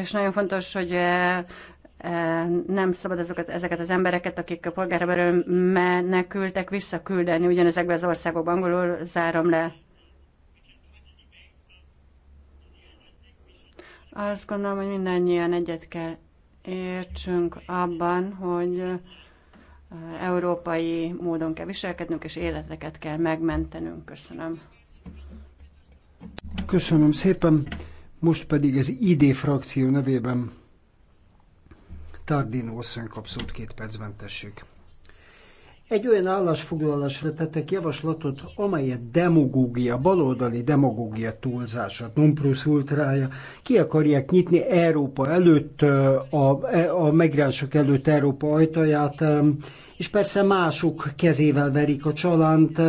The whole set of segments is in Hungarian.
és nagyon fontos, hogy nem szabad azokat, ezeket az embereket, akik a polgárháború menekültek, visszaküldeni ugyanezekbe az országokba. Angolul zárom le. Azt gondolom, hogy mindannyian egyet kell értsünk abban, hogy európai módon kell viselkednünk, és életeket kell megmentenünk. Köszönöm. Köszönöm szépen. Most pedig az ID frakció nevében Tardino asszony kap két percben tessék. Egy olyan állásfoglalásra tettek javaslatot, amelyet demagógia, baloldali demagógia túlzása, non plus ultrája, ki akarják nyitni Európa előtt, a, e, a migránsok előtt Európa ajtaját, és persze mások kezével verik a csalánt,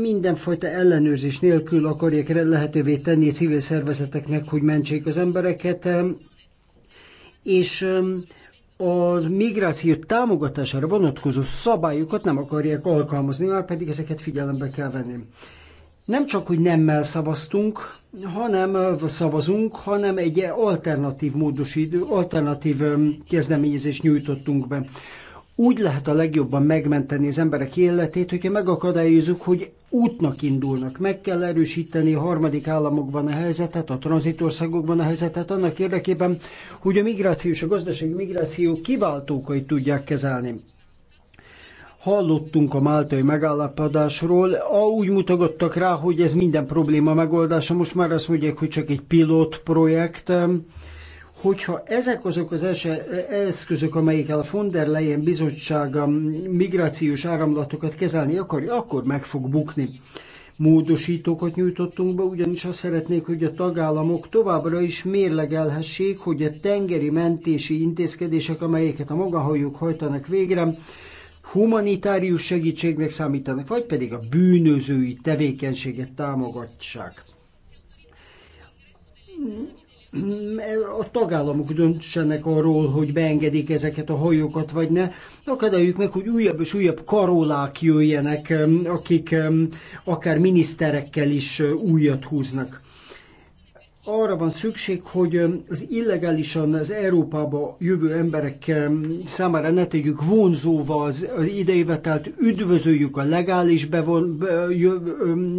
mindenfajta ellenőrzés nélkül akarják lehetővé tenni civil szervezeteknek, hogy mentsék az embereket, és a migráció támogatására vonatkozó szabályokat nem akarják alkalmazni, már pedig ezeket figyelembe kell venni. Nem csak, hogy nemmel szavaztunk, hanem szavazunk, hanem egy alternatív módosítő, alternatív kezdeményezést nyújtottunk be. Úgy lehet a legjobban megmenteni az emberek életét, hogyha megakadályozunk, hogy útnak indulnak. Meg kell erősíteni a harmadik államokban a helyzetet, a tranzitországokban a helyzetet, annak érdekében, hogy a migráció és a gazdasági migráció kiváltókait tudják kezelni. Hallottunk a máltai megállapodásról, úgy mutogattak rá, hogy ez minden probléma megoldása. Most már azt mondják, hogy csak egy pilot projekt, hogyha ezek azok az eszközök, amelyikkel a von der Leyen bizottsága migrációs áramlatokat kezelni akarja, akkor meg fog bukni. Módosítókat nyújtottunk be, ugyanis azt szeretnék, hogy a tagállamok továbbra is mérlegelhessék, hogy a tengeri mentési intézkedések, amelyeket a magahajók hajtanak végre, humanitárius segítségnek számítanak, vagy pedig a bűnözői tevékenységet támogatják a tagállamok döntsenek arról, hogy beengedik ezeket a hajókat, vagy ne. Akadályuk meg, hogy újabb és újabb karolák jöjjenek, akik akár miniszterekkel is újat húznak arra van szükség, hogy az illegálisan az Európába jövő emberek számára ne tegyük vonzóva az, az tehát üdvözöljük a legális bevon, be, jö,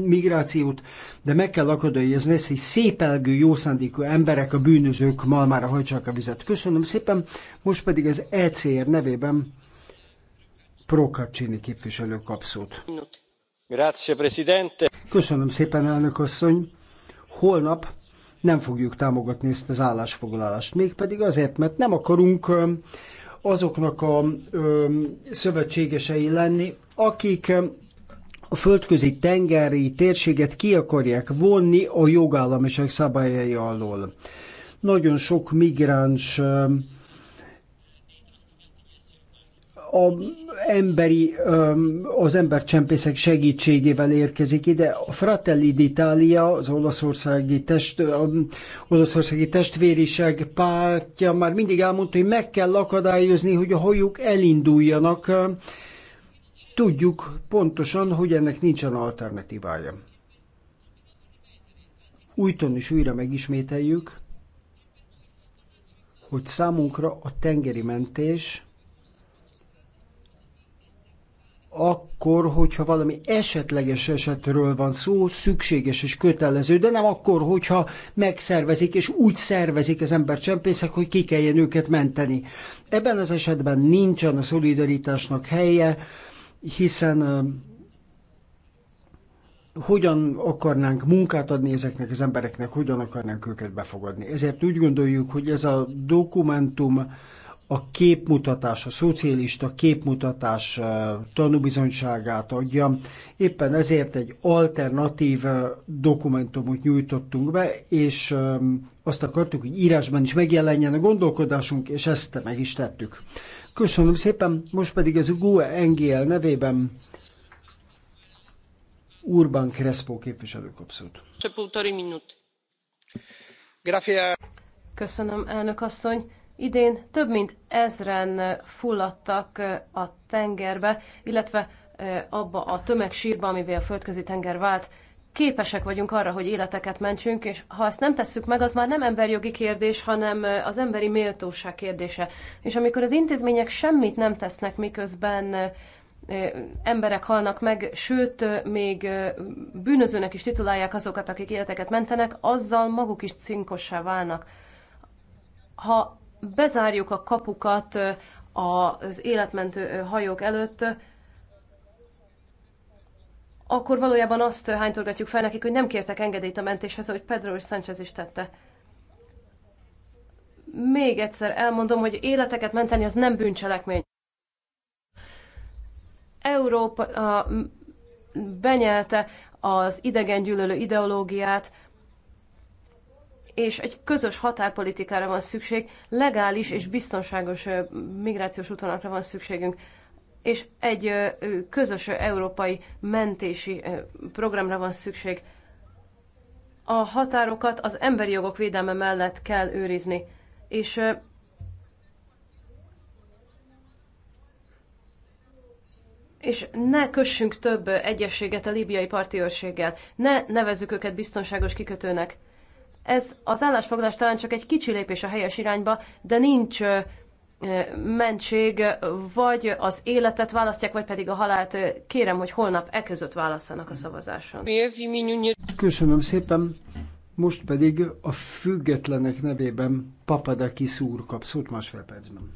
migrációt, de meg kell akadályozni ezt, hogy szépelgő, jószándékú emberek, a bűnözők malmára hajtsák a vizet. Köszönöm szépen, most pedig az ECR nevében Prokacsini képviselő Grazie Presidente. Köszönöm szépen, elnök asszony. Holnap nem fogjuk támogatni ezt az állásfoglalást. Mégpedig azért, mert nem akarunk azoknak a szövetségesei lenni, akik a földközi tengeri térséget ki akarják vonni a jogállamiság szabályai alól. Nagyon sok migráns a emberi, az embercsempészek segítségével érkezik ide. A Fratelli d'Italia, az olaszországi, test, olaszországi testvériség pártja már mindig elmondta, hogy meg kell akadályozni, hogy a hajók elinduljanak. Tudjuk pontosan, hogy ennek nincsen alternatívája. Újton is újra megismételjük, hogy számunkra a tengeri mentés akkor, hogyha valami esetleges esetről van szó, szükséges és kötelező, de nem akkor, hogyha megszervezik és úgy szervezik az csempészek, hogy ki kelljen őket menteni. Ebben az esetben nincsen a szolidaritásnak helye, hiszen hogyan akarnánk munkát adni ezeknek az embereknek, hogyan akarnánk őket befogadni. Ezért úgy gondoljuk, hogy ez a dokumentum a képmutatás, a szocialista képmutatás eh, tanúbizonyságát adja. Éppen ezért egy alternatív eh, dokumentumot nyújtottunk be, és eh, azt akartuk, hogy írásban is megjelenjen a gondolkodásunk, és ezt meg is tettük. Köszönöm szépen, most pedig az GUE NGL nevében Urban Crespo képviselő kapszót. Köszönöm, elnök asszony Idén több mint ezren fulladtak a tengerbe, illetve abba a tömegsírba, amivé a földközi tenger vált. Képesek vagyunk arra, hogy életeket mentsünk, és ha ezt nem tesszük meg, az már nem emberjogi kérdés, hanem az emberi méltóság kérdése. És amikor az intézmények semmit nem tesznek, miközben emberek halnak meg, sőt, még bűnözőnek is titulálják azokat, akik életeket mentenek, azzal maguk is cinkossá válnak. Ha bezárjuk a kapukat az életmentő hajók előtt, akkor valójában azt hánytorgatjuk fel nekik, hogy nem kértek engedélyt a mentéshez, ahogy Pedro és Sánchez is tette. Még egyszer elmondom, hogy életeket menteni az nem bűncselekmény. Európa a, benyelte az gyűlölő ideológiát, és egy közös határpolitikára van szükség, legális és biztonságos migrációs útvonalakra van szükségünk, és egy közös európai mentési programra van szükség. A határokat az emberi jogok védelme mellett kell őrizni, és és ne kössünk több egyességet a líbiai parti őrséggel, ne nevezzük őket biztonságos kikötőnek. Ez az állásfoglalás talán csak egy kicsi lépés a helyes irányba, de nincs mentség, vagy az életet választják, vagy pedig a halált. Kérem, hogy holnap e között válasszanak a szavazáson. Köszönöm szépen. Most pedig a függetlenek nevében Papadakis úr kap szót másfél percben.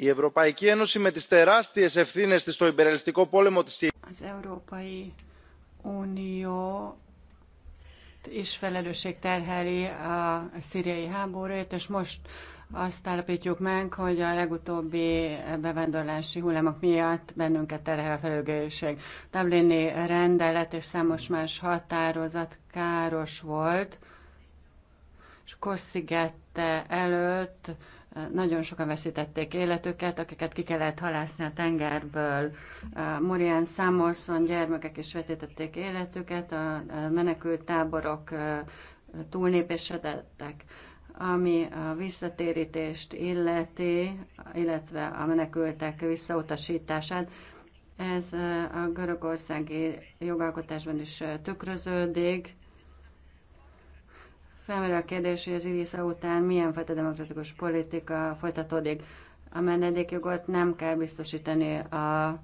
Az Európai Unió is felelősség terheli a szíriai háborúért, és most azt állapítjuk meg, hogy a legutóbbi bevándorlási hullámok miatt bennünket terhel a felelősség. Dublini rendelet és számos más határozat káros volt, és Kosszigette előtt nagyon sokan veszítették életüket, akiket ki kellett halászni a tengerből. Morian Samuelson gyermekek is vetítették életüket, a menekült táborok túlnépesedettek ami a visszatérítést illeti, illetve a menekültek visszautasítását. Ez a görögországi jogalkotásban is tükröződik. Felmerül a kérdés, hogy az Irisza után milyen fajta demokratikus politika folytatódik. A menedékjogot nem kell biztosítani a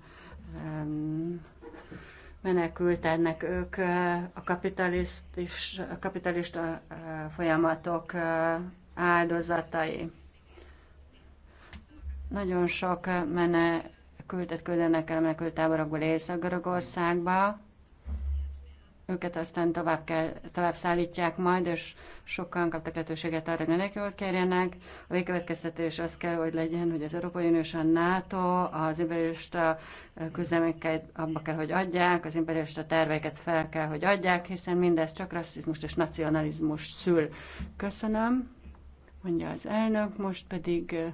um, menekültednek ők a, a kapitalista folyamatok áldozatai. Nagyon sok menekültet küldenek el táborokból Észak-Görögországba, őket aztán tovább, kell, tovább szállítják majd, és sokan kaptak lehetőséget arra, hogy menekült kérjenek. A végkövetkeztetés az kell, hogy legyen, hogy az Európai Unió és a NATO az imperialista küzdelmeket abba kell, hogy adják, az imperialista terveket fel kell, hogy adják, hiszen mindez csak rasszizmust és nacionalizmus szül. Köszönöm, mondja az elnök, most pedig eh,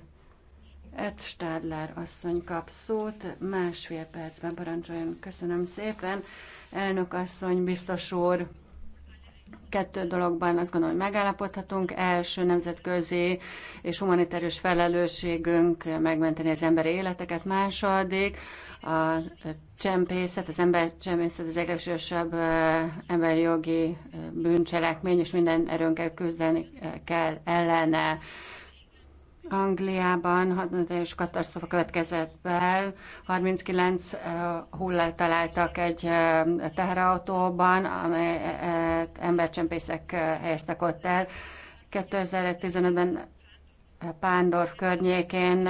Ed Stadler asszony kap szót, másfél percben parancsoljon. Köszönöm szépen. Elnök asszony, biztos úr, kettő dologban azt gondolom, hogy megállapodhatunk. Első nemzetközi és humanitárius felelősségünk megmenteni az emberi életeket. Második, a csempészet, az ember csempészet az egészségesebb emberi jogi bűncselekmény, és minden erőnkkel küzdeni kell ellene. Angliában hatalmas katasztrófa következett be, 39 uh, eh, hullát találtak egy uh, teherautóban, amelyet eh, embercsempészek uh, helyeztek ott el. 2015-ben Pándorf környékén,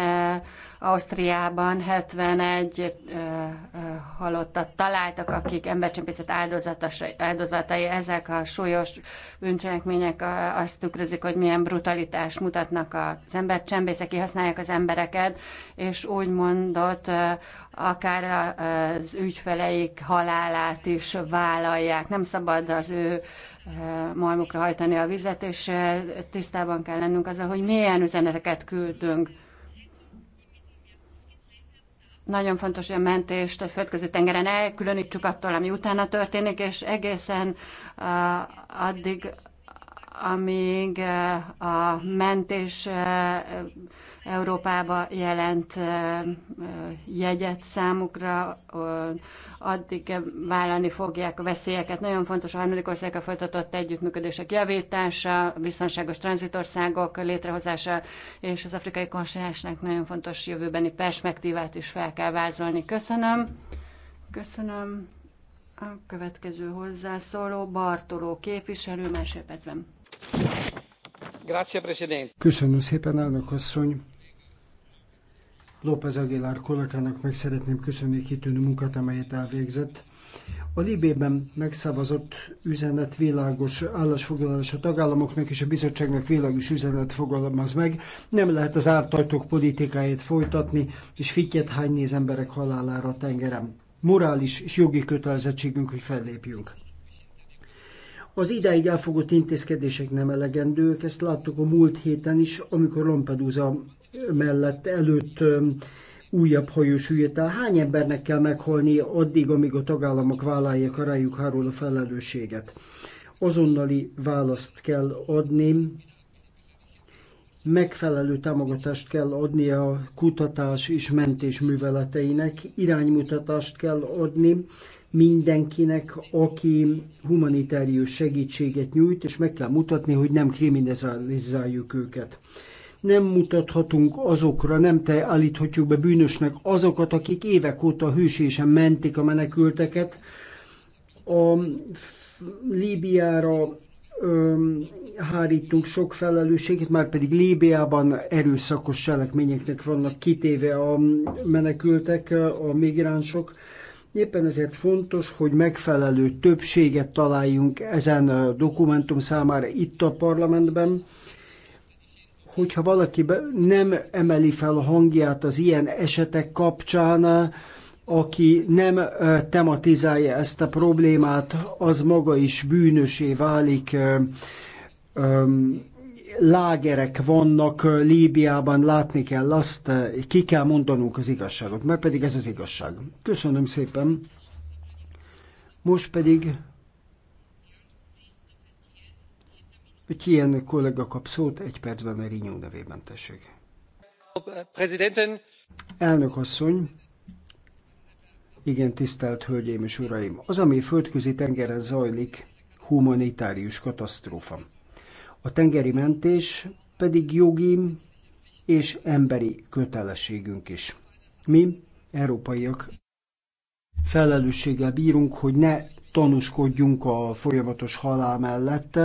Ausztriában 71 halottat találtak, akik embercsempészet áldozatai. Ezek a súlyos bűncselekmények azt tükrözik, hogy milyen brutalitást mutatnak az embercsempészek, kihasználják az embereket, és úgy mondott, akár az ügyfeleik halálát is vállalják. Nem szabad az ő Eh, malmokra hajtani a vizet, és eh, tisztában kell lennünk azzal, hogy milyen üzeneteket küldünk. Nagyon fontos, hogy a mentést a földközi tengeren elkülönítsük attól, ami utána történik, és egészen eh, addig amíg eh, a mentés eh, Európába jelent eh, jegyet számukra, addig vállalni fogják a veszélyeket. Nagyon fontos a harmadik országokkal folytatott együttműködések javítása, biztonságos tranzitországok létrehozása, és az afrikai kontinensnek nagyon fontos jövőbeni perspektívát is fel kell vázolni. Köszönöm. Köszönöm. A következő hozzászóló Bartoló képviselő percben. Köszönöm szépen, elnök asszony! López Aguilar kollégának meg szeretném köszönni kitűnő munkát, amelyet elvégzett. A Libében megszavazott üzenet világos állásfoglalás a tagállamoknak és a bizottságnak világos üzenet fogalmaz meg. Nem lehet az ártajtók politikáját folytatni és fittyet hány az emberek halálára a tengeren. Morális és jogi kötelezettségünk, hogy fellépjünk. Az idáig elfogott intézkedések nem elegendők, ezt láttuk a múlt héten is, amikor Lampedusa mellett előtt újabb hajósüljött el. Hány embernek kell meghalni addig, amíg a tagállamok vállalják a rájuk háról a felelősséget? Azonnali választ kell adni, megfelelő támogatást kell adni a kutatás és mentés műveleteinek, iránymutatást kell adni, mindenkinek, aki humanitárius segítséget nyújt, és meg kell mutatni, hogy nem kriminalizáljuk őket. Nem mutathatunk azokra, nem te állíthatjuk be bűnösnek azokat, akik évek óta hűségesen mentik a menekülteket. A Líbiára öm, hárítunk sok felelősséget, már pedig Líbiában erőszakos cselekményeknek vannak kitéve a menekültek, a migránsok. Éppen ezért fontos, hogy megfelelő többséget találjunk ezen a dokumentum számára itt a parlamentben, hogyha valaki nem emeli fel a hangját az ilyen esetek kapcsán, aki nem tematizálja ezt a problémát, az maga is bűnösé válik lágerek vannak Líbiában, látni kell azt, ki kell mondanunk az igazságot, mert pedig ez az igazság. Köszönöm szépen. Most pedig hogy ilyen kollega kap szót, egy percben a Rinyó nevében tessék. Elnök asszony, igen, tisztelt Hölgyeim és Uraim! Az, ami földközi tengeren zajlik, humanitárius katasztrófa. A tengeri mentés pedig jogi és emberi kötelességünk is. Mi, európaiak, felelősséggel bírunk, hogy ne tanúskodjunk a folyamatos halál mellett.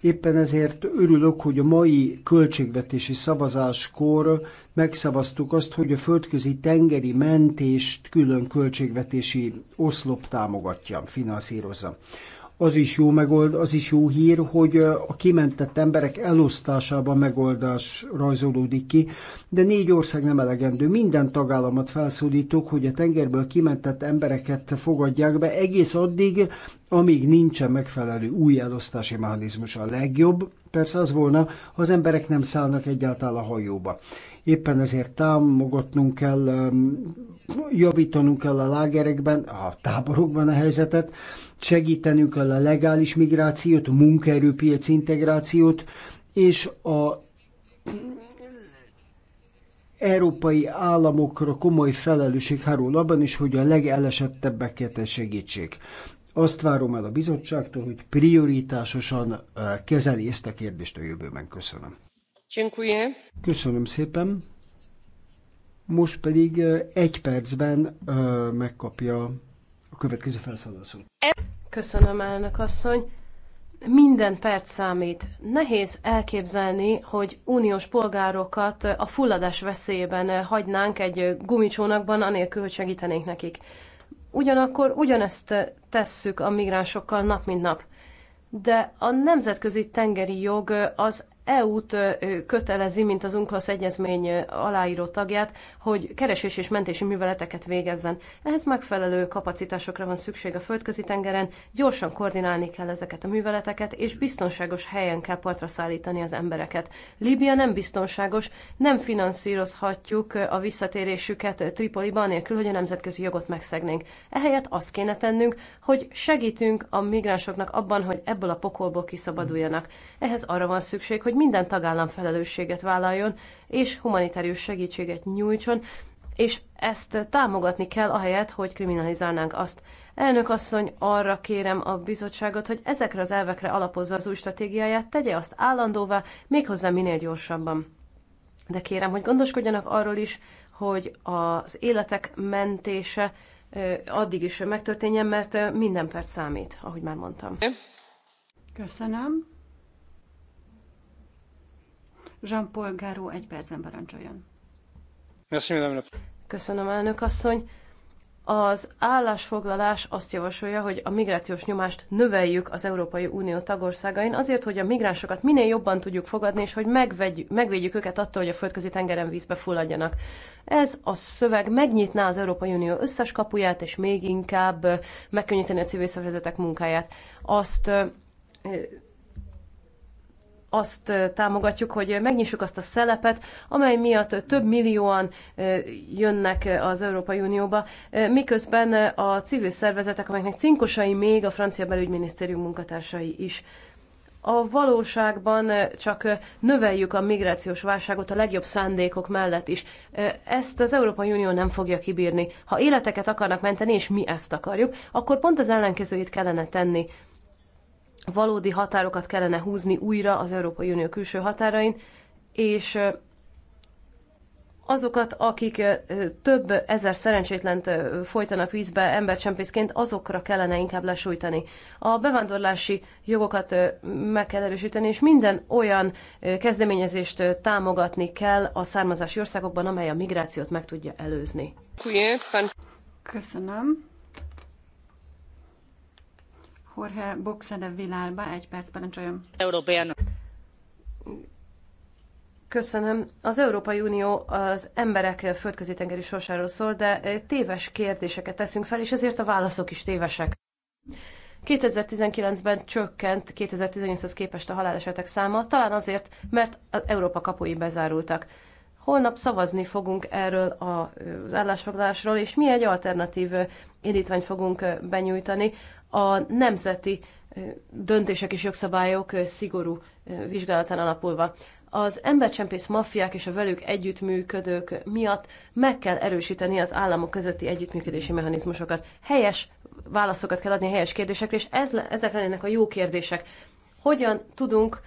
Éppen ezért örülök, hogy a mai költségvetési szavazáskor megszavaztuk azt, hogy a földközi tengeri mentést külön költségvetési oszlop támogatja, finanszírozza. Az is jó, megold, az is jó hír, hogy a kimentett emberek elosztásában megoldás rajzolódik ki, de négy ország nem elegendő. Minden tagállamot felszólítok, hogy a tengerből kimentett embereket fogadják be egész addig, amíg nincsen megfelelő új elosztási mechanizmus a legjobb, persze az volna, ha az emberek nem szállnak egyáltalán a hajóba. Éppen ezért támogatnunk kell, javítanunk kell a lágerekben, a táborokban a helyzetet, segítenünk kell a legális migrációt, a munkaerőpiac integrációt, és a európai államokra komoly felelősség hárul abban is, hogy a legelesettebbeket segítsék. Azt várom el a bizottságtól, hogy prioritásosan eh, kezeli ezt a kérdést a jövőben. Köszönöm. Dziękuję. Köszönöm szépen. Most pedig eh, egy percben eh, megkapja a következő felszólalásunk. Köszönöm, elnök asszony. Minden perc számít. Nehéz elképzelni, hogy uniós polgárokat a fulladás veszélyében hagynánk egy gumicsónakban, anélkül, hogy segítenénk nekik. Ugyanakkor ugyanezt tesszük a migránsokkal nap mint nap. De a nemzetközi tengeri jog az EU-t kötelezi, mint az UNCLOS egyezmény aláíró tagját, hogy keresés és mentési műveleteket végezzen. Ehhez megfelelő kapacitásokra van szükség a földközi tengeren, gyorsan koordinálni kell ezeket a műveleteket, és biztonságos helyen kell partra szállítani az embereket. Líbia nem biztonságos, nem finanszírozhatjuk a visszatérésüket Tripoliban, nélkül, hogy a nemzetközi jogot megszegnénk. Ehelyett azt kéne tennünk, hogy segítünk a migránsoknak abban, hogy ebből a pokolból kiszabaduljanak. Ehhez arra van szükség, hogy hogy minden tagállam felelősséget vállaljon, és humanitárius segítséget nyújtson, és ezt támogatni kell ahelyett, hogy kriminalizálnánk azt. Elnök asszony, arra kérem a bizottságot, hogy ezekre az elvekre alapozza az új stratégiáját, tegye azt állandóvá, méghozzá minél gyorsabban. De kérem, hogy gondoskodjanak arról is, hogy az életek mentése addig is megtörténjen, mert minden perc számít, ahogy már mondtam. Köszönöm. Jean-Paul Garó egy percen parancsoljon. Köszönöm, elnök asszony. Az állásfoglalás azt javasolja, hogy a migrációs nyomást növeljük az Európai Unió tagországain azért, hogy a migránsokat minél jobban tudjuk fogadni, és hogy megvegy, megvédjük őket attól, hogy a földközi tengeren vízbe fulladjanak. Ez a szöveg megnyitná az Európai Unió összes kapuját, és még inkább megkönnyíteni a civil szervezetek munkáját. Azt azt támogatjuk, hogy megnyissuk azt a szelepet, amely miatt több millióan jönnek az Európai Unióba, miközben a civil szervezetek, amelyeknek cinkosai még a francia belügyminisztérium munkatársai is. A valóságban csak növeljük a migrációs válságot a legjobb szándékok mellett is. Ezt az Európai Unió nem fogja kibírni. Ha életeket akarnak menteni, és mi ezt akarjuk, akkor pont az ellenkezőjét kellene tenni valódi határokat kellene húzni újra az Európai Unió külső határain, és azokat, akik több ezer szerencsétlent folytanak vízbe embercsempészként, azokra kellene inkább lesújtani. A bevándorlási jogokat meg kell erősíteni, és minden olyan kezdeményezést támogatni kell a származási országokban, amely a migrációt meg tudja előzni. Köszönöm. Jorge de Vilálba, egy perc, parancsoljon. Európán. Köszönöm. Az Európai Unió az emberek földközi tengeri sorsáról szól, de téves kérdéseket teszünk fel, és ezért a válaszok is tévesek. 2019-ben csökkent 2018-hoz képest a halálesetek száma, talán azért, mert az Európa kapui bezárultak. Holnap szavazni fogunk erről az állásfoglalásról, és mi egy alternatív indítványt fogunk benyújtani, a nemzeti döntések és jogszabályok szigorú vizsgálatán alapulva. Az embercsempész maffiák és a velük együttműködők miatt meg kell erősíteni az államok közötti együttműködési mechanizmusokat. Helyes válaszokat kell adni a helyes kérdésekre, és ez, ezek lennének a jó kérdések. Hogyan tudunk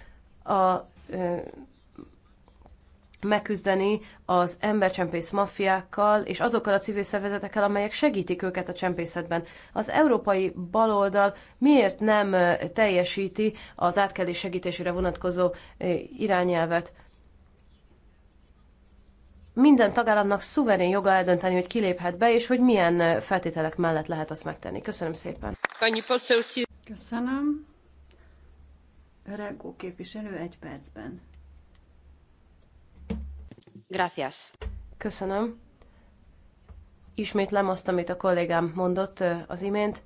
a megküzdeni az embercsempész maffiákkal és azokkal a civil szervezetekkel, amelyek segítik őket a csempészetben. Az európai baloldal miért nem teljesíti az átkelés segítésére vonatkozó irányelvet? Minden tagállamnak szuverén joga eldönteni, hogy kiléphet be, és hogy milyen feltételek mellett lehet azt megtenni. Köszönöm szépen. Köszönöm. Regó képviselő egy percben. Gracias. Köszönöm. Ismétlem azt, amit a kollégám mondott az imént.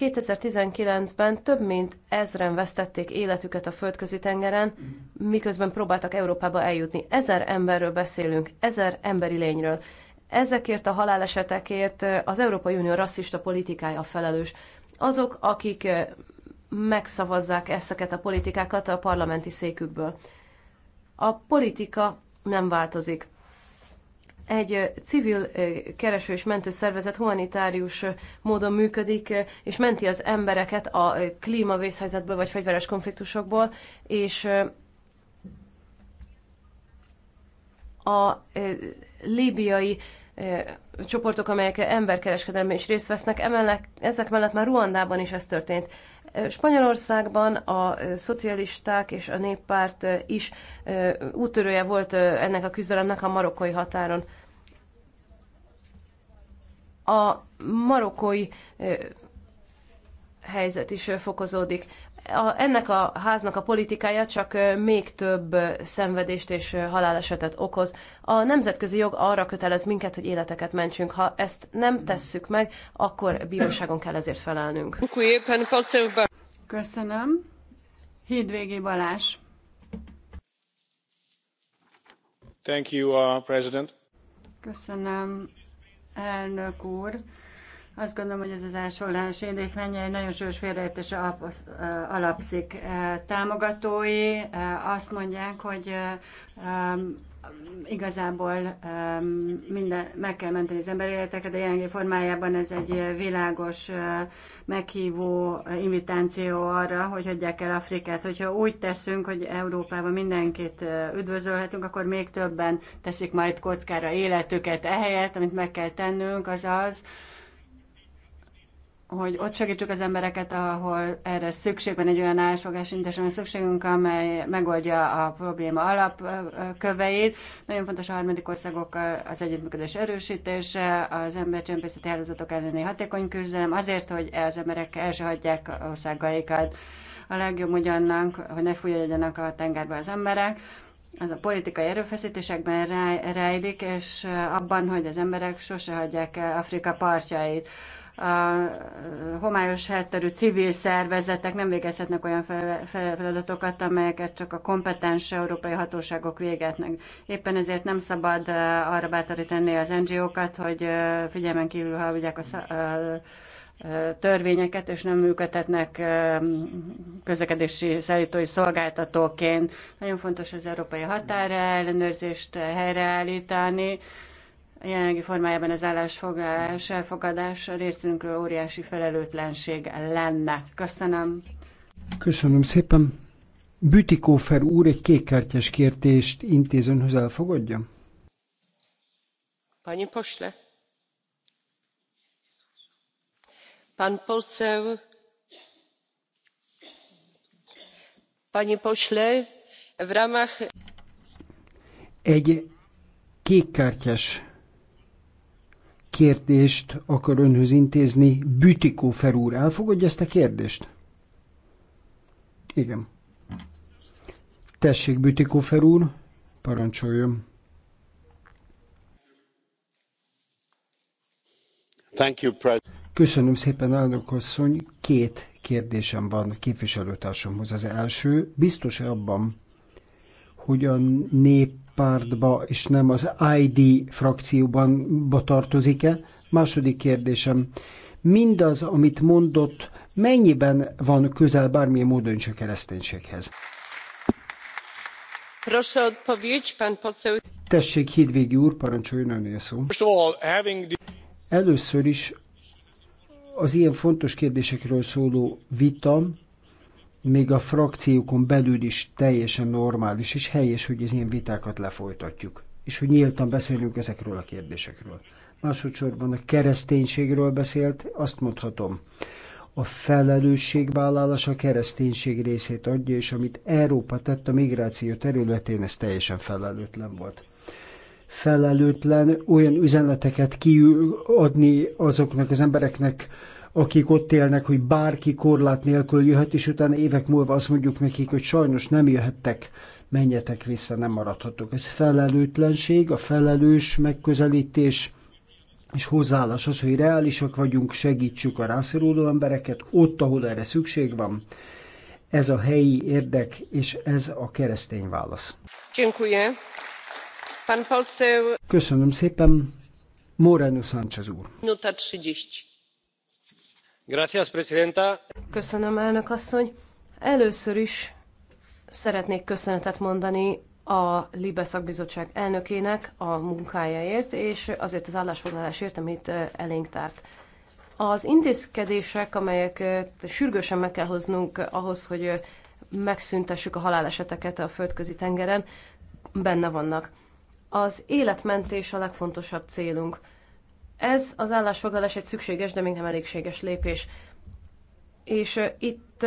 2019-ben több mint ezren vesztették életüket a földközi tengeren, miközben próbáltak Európába eljutni. Ezer emberről beszélünk, ezer emberi lényről. Ezekért a halálesetekért az Európai Unió rasszista politikája felelős. Azok, akik megszavazzák ezeket a politikákat a parlamenti székükből. A politika nem változik. Egy civil kereső és mentő szervezet humanitárius módon működik, és menti az embereket a klímavészhelyzetből vagy fegyveres konfliktusokból, és a líbiai csoportok, amelyek emberkereskedelmi is részt vesznek, emellett, ezek mellett már Ruandában is ez történt. Spanyolországban a szocialisták és a néppárt is úttörője volt ennek a küzdelemnek a marokkói határon. A marokkói helyzet is fokozódik a, ennek a háznak a politikája csak még több szenvedést és halálesetet okoz. A nemzetközi jog arra kötelez minket, hogy életeket mentsünk. Ha ezt nem tesszük meg, akkor bíróságon kell ezért felelnünk. Köszönöm. Hídvégi Balázs. Thank you, uh, President. Köszönöm, elnök úr. Azt gondolom, hogy ez az ásolás indítvány egy nagyon súlyos félreértése alapszik. E, támogatói e, azt mondják, hogy e, igazából minden, meg kell menteni az emberi életeket, de jelenlegi formájában ez egy világos meghívó invitáció arra, hogy hagyják el Afrikát. Hogyha úgy teszünk, hogy Európában mindenkit üdvözölhetünk, akkor még többen teszik majd kockára életüket. Ehelyett, amit meg kell tennünk, az az, hogy ott segítsük az embereket, ahol erre szükség van, egy olyan állásfogás van szükségünk, amely megoldja a probléma alapköveit. Nagyon fontos a harmadik országokkal az együttműködés erősítése, az embercsempészeti hálózatok elleni hatékony küzdelem, azért, hogy az emberek el se hagyják országaikat. A legjobb ugyannak, hogy ne fújjanak a tengerbe az emberek az a politikai erőfeszítésekben rejlik, és eh, abban, hogy az emberek sose hagyják el Afrika partjait. A eh, homályos hátterű civil szervezetek nem végezhetnek olyan feladatokat, amelyeket csak a kompetens európai hatóságok végetnek. Éppen ezért nem szabad eh, arra bátorítani az NGO-kat, hogy figyelmen kívül hagyják a törvényeket, és nem működhetnek közlekedési szállítói szolgáltatóként. Nagyon fontos az európai határa ellenőrzést helyreállítani. A jelenlegi formájában az állásfoglalás elfogadás részünkről óriási felelőtlenség lenne. Köszönöm. Köszönöm szépen. Bütikófer úr egy kékkártyás kértést intézőnhöz elfogadja? Pani pośle. panie pośle w ramach. egy kékkártyás kérdést akar önhöz intézni Bütikofer úr. Elfogadja ezt a kérdést? Igen. Tessék, Bütikofer úr, parancsoljon. Köszönöm szépen, elnök asszony. Két kérdésem van képviselőtársamhoz. Az első, biztos-e abban, hogy a néppártba és nem az ID frakcióban tartozik-e? Második kérdésem, mindaz, amit mondott, mennyiben van közel bármilyen módon is a kereszténységhez? Tessék, Hidvégi úr, parancsoljon önnél szó. Először is az ilyen fontos kérdésekről szóló vita még a frakciókon belül is teljesen normális és helyes, hogy az ilyen vitákat lefolytatjuk, és hogy nyíltan beszélünk ezekről a kérdésekről. Másodszorban a kereszténységről beszélt, azt mondhatom, a felelősségvállalás a kereszténység részét adja, és amit Európa tett a migráció területén, ez teljesen felelőtlen volt felelőtlen olyan üzeneteket kiadni azoknak az embereknek, akik ott élnek, hogy bárki korlát nélkül jöhet, és utána évek múlva azt mondjuk nekik, hogy sajnos nem jöhettek, menjetek vissza, nem maradhatok. Ez felelőtlenség, a felelős megközelítés, és hozzáállás az, hogy reálisak vagyunk, segítsük a rászoruló embereket ott, ahol erre szükség van. Ez a helyi érdek, és ez a keresztény válasz. Dziękuję. Köszönöm szépen. Moreno Sánchez úr. Köszönöm, elnök asszony. Először is szeretnék köszönetet mondani a Libe szakbizottság elnökének a munkájáért, és azért az állásfoglalásért, amit eh, elénk tárt. Az intézkedések, amelyeket eh, sürgősen meg kell hoznunk ahhoz, hogy eh, megszüntessük a haláleseteket a földközi tengeren, benne vannak. Az életmentés a legfontosabb célunk. Ez az állásfoglalás egy szükséges, de még nem elégséges lépés. És itt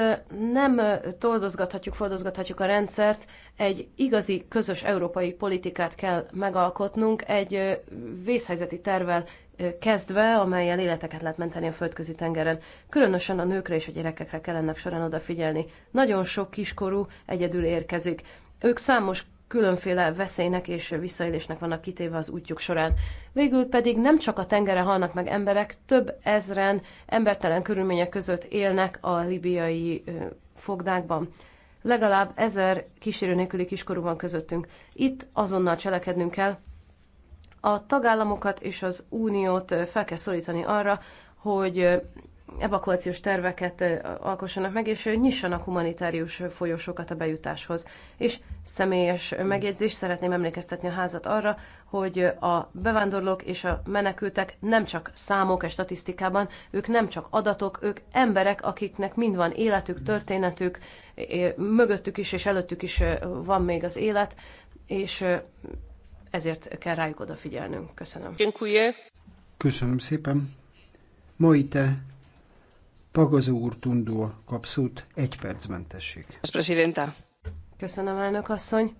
nem toldozgathatjuk, fordozgathatjuk a rendszert, egy igazi közös európai politikát kell megalkotnunk, egy vészhelyzeti tervel kezdve, amelyel életeket lehet menteni a földközi tengeren. Különösen a nőkre és a gyerekekre kell ennek során odafigyelni. Nagyon sok kiskorú egyedül érkezik. Ők számos különféle veszélynek és visszaélésnek vannak kitéve az útjuk során. Végül pedig nem csak a tengere halnak meg emberek, több ezren embertelen körülmények között élnek a libiai fogdákban. Legalább ezer kísérő nélküli kiskorú van közöttünk. Itt azonnal cselekednünk kell. A tagállamokat és az uniót fel kell szólítani arra, hogy evakuációs terveket alkossanak meg, és nyissanak humanitárius folyosókat a bejutáshoz. És személyes megjegyzés, szeretném emlékeztetni a házat arra, hogy a bevándorlók és a menekültek nem csak számok és e statisztikában, ők nem csak adatok, ők emberek, akiknek mind van életük, történetük, mögöttük is és előttük is van még az élet, és ezért kell rájuk odafigyelnünk. Köszönöm. Köszönöm szépen. Moite Pagazó úr Tundor kap szót, egy perc mentesség. Köszönöm, elnök asszony.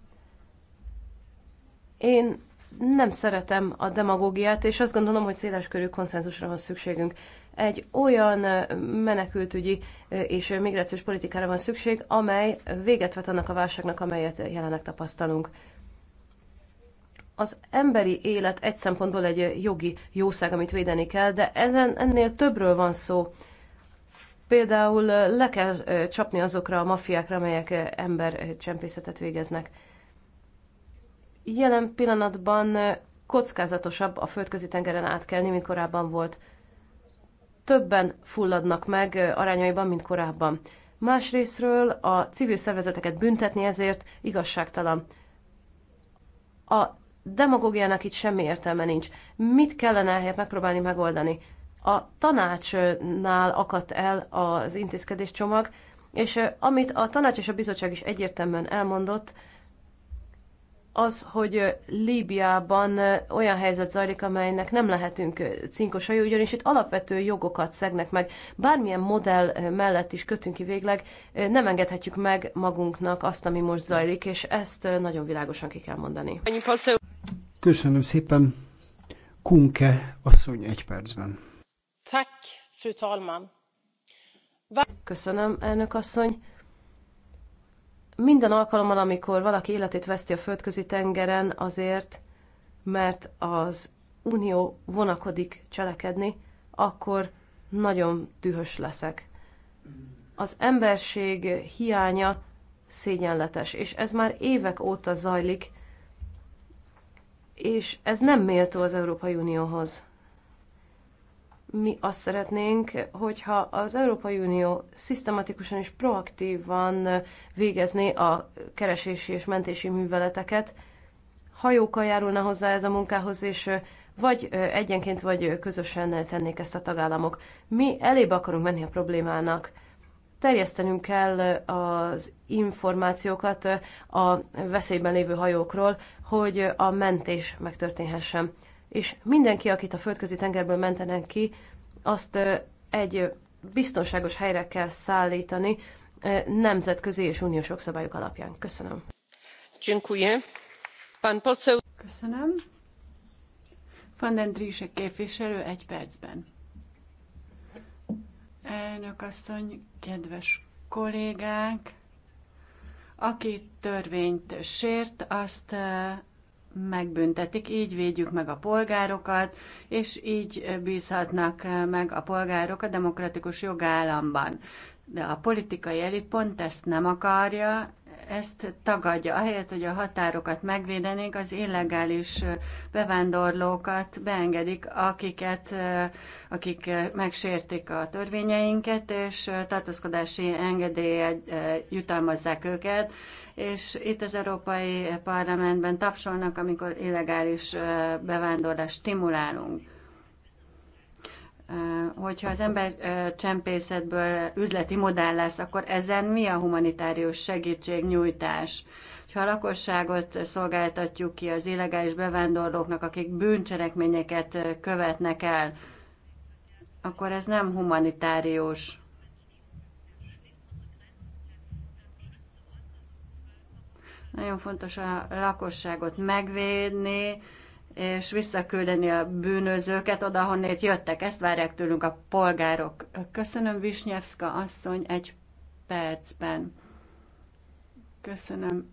Én nem szeretem a demagógiát, és azt gondolom, hogy széleskörű konszenzusra van szükségünk. Egy olyan menekültügyi és migrációs politikára van szükség, amely véget vet annak a válságnak, amelyet jelenleg tapasztalunk. Az emberi élet egy szempontból egy jogi jószág, amit védeni kell, de ezen, ennél többről van szó Például le kell csapni azokra a maffiákra, amelyek embercsempészetet végeznek. Jelen pillanatban kockázatosabb a földközi tengeren átkelni, mint korábban volt. Többen fulladnak meg arányaiban, mint korábban. Másrésztről a civil szervezeteket büntetni ezért igazságtalan. A demagógiának itt semmi értelme nincs. Mit kellene ehelyett megpróbálni megoldani? a tanácsnál akadt el az intézkedés csomag, és amit a tanács és a bizottság is egyértelműen elmondott, az, hogy Líbiában olyan helyzet zajlik, amelynek nem lehetünk cinkosai, ugyanis itt alapvető jogokat szegnek meg. Bármilyen modell mellett is kötünk ki végleg, nem engedhetjük meg magunknak azt, ami most zajlik, és ezt nagyon világosan ki kell mondani. Köszönöm szépen. Kunke asszony egy percben. Köszönöm, elnök asszony. Minden alkalommal, amikor valaki életét veszti a földközi tengeren azért, mert az Unió vonakodik cselekedni, akkor nagyon dühös leszek. Az emberség hiánya szégyenletes, és ez már évek óta zajlik, és ez nem méltó az Európai Unióhoz mi azt szeretnénk, hogyha az Európai Unió szisztematikusan és proaktívan végezné a keresési és mentési műveleteket, hajókkal járulna hozzá ez a munkához, és vagy egyenként, vagy közösen tennék ezt a tagállamok. Mi elébe akarunk menni a problémának. Terjesztenünk kell az információkat a veszélyben lévő hajókról, hogy a mentés megtörténhessen és mindenki, akit a földközi tengerből mentenek ki, azt egy biztonságos helyre kell szállítani nemzetközi és uniós jogszabályok alapján. Köszönöm. Köszönöm. Van Dendrise képviselő egy percben. Elnök asszony, kedves kollégák, aki törvényt sért, azt megbüntetik, így védjük meg a polgárokat, és így bízhatnak meg a polgárok a demokratikus jogállamban. De a politikai elit pont ezt nem akarja, ezt tagadja. Ahelyett, hogy a határokat megvédenénk, az illegális bevándorlókat beengedik, akiket, akik megsértik a törvényeinket, és tartózkodási engedélye jutalmazzák őket, és itt az Európai Parlamentben tapsolnak, amikor illegális bevándorlást stimulálunk hogyha az ember csempészetből üzleti modell lesz, akkor ezen mi a humanitárius segítségnyújtás? Ha a lakosságot szolgáltatjuk ki az illegális bevándorlóknak, akik bűncselekményeket követnek el, akkor ez nem humanitárius. Nagyon fontos a lakosságot megvédni, és visszaküldeni a bűnözőket oda, honnét jöttek. Ezt várják tőlünk a polgárok. Köszönöm, Visnyevska asszony, egy percben. Köszönöm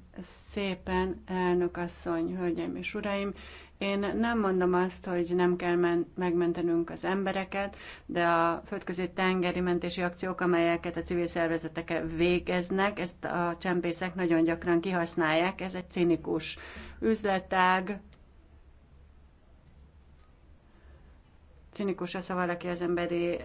szépen, elnök asszony, hölgyeim és uraim. Én nem mondom azt, hogy nem kell men- megmentenünk az embereket, de a földközi tengeri mentési akciók, amelyeket a civil szervezetek végeznek, ezt a csempészek nagyon gyakran kihasználják, ez egy cinikus üzletág, cinikus az, ha valaki az emberi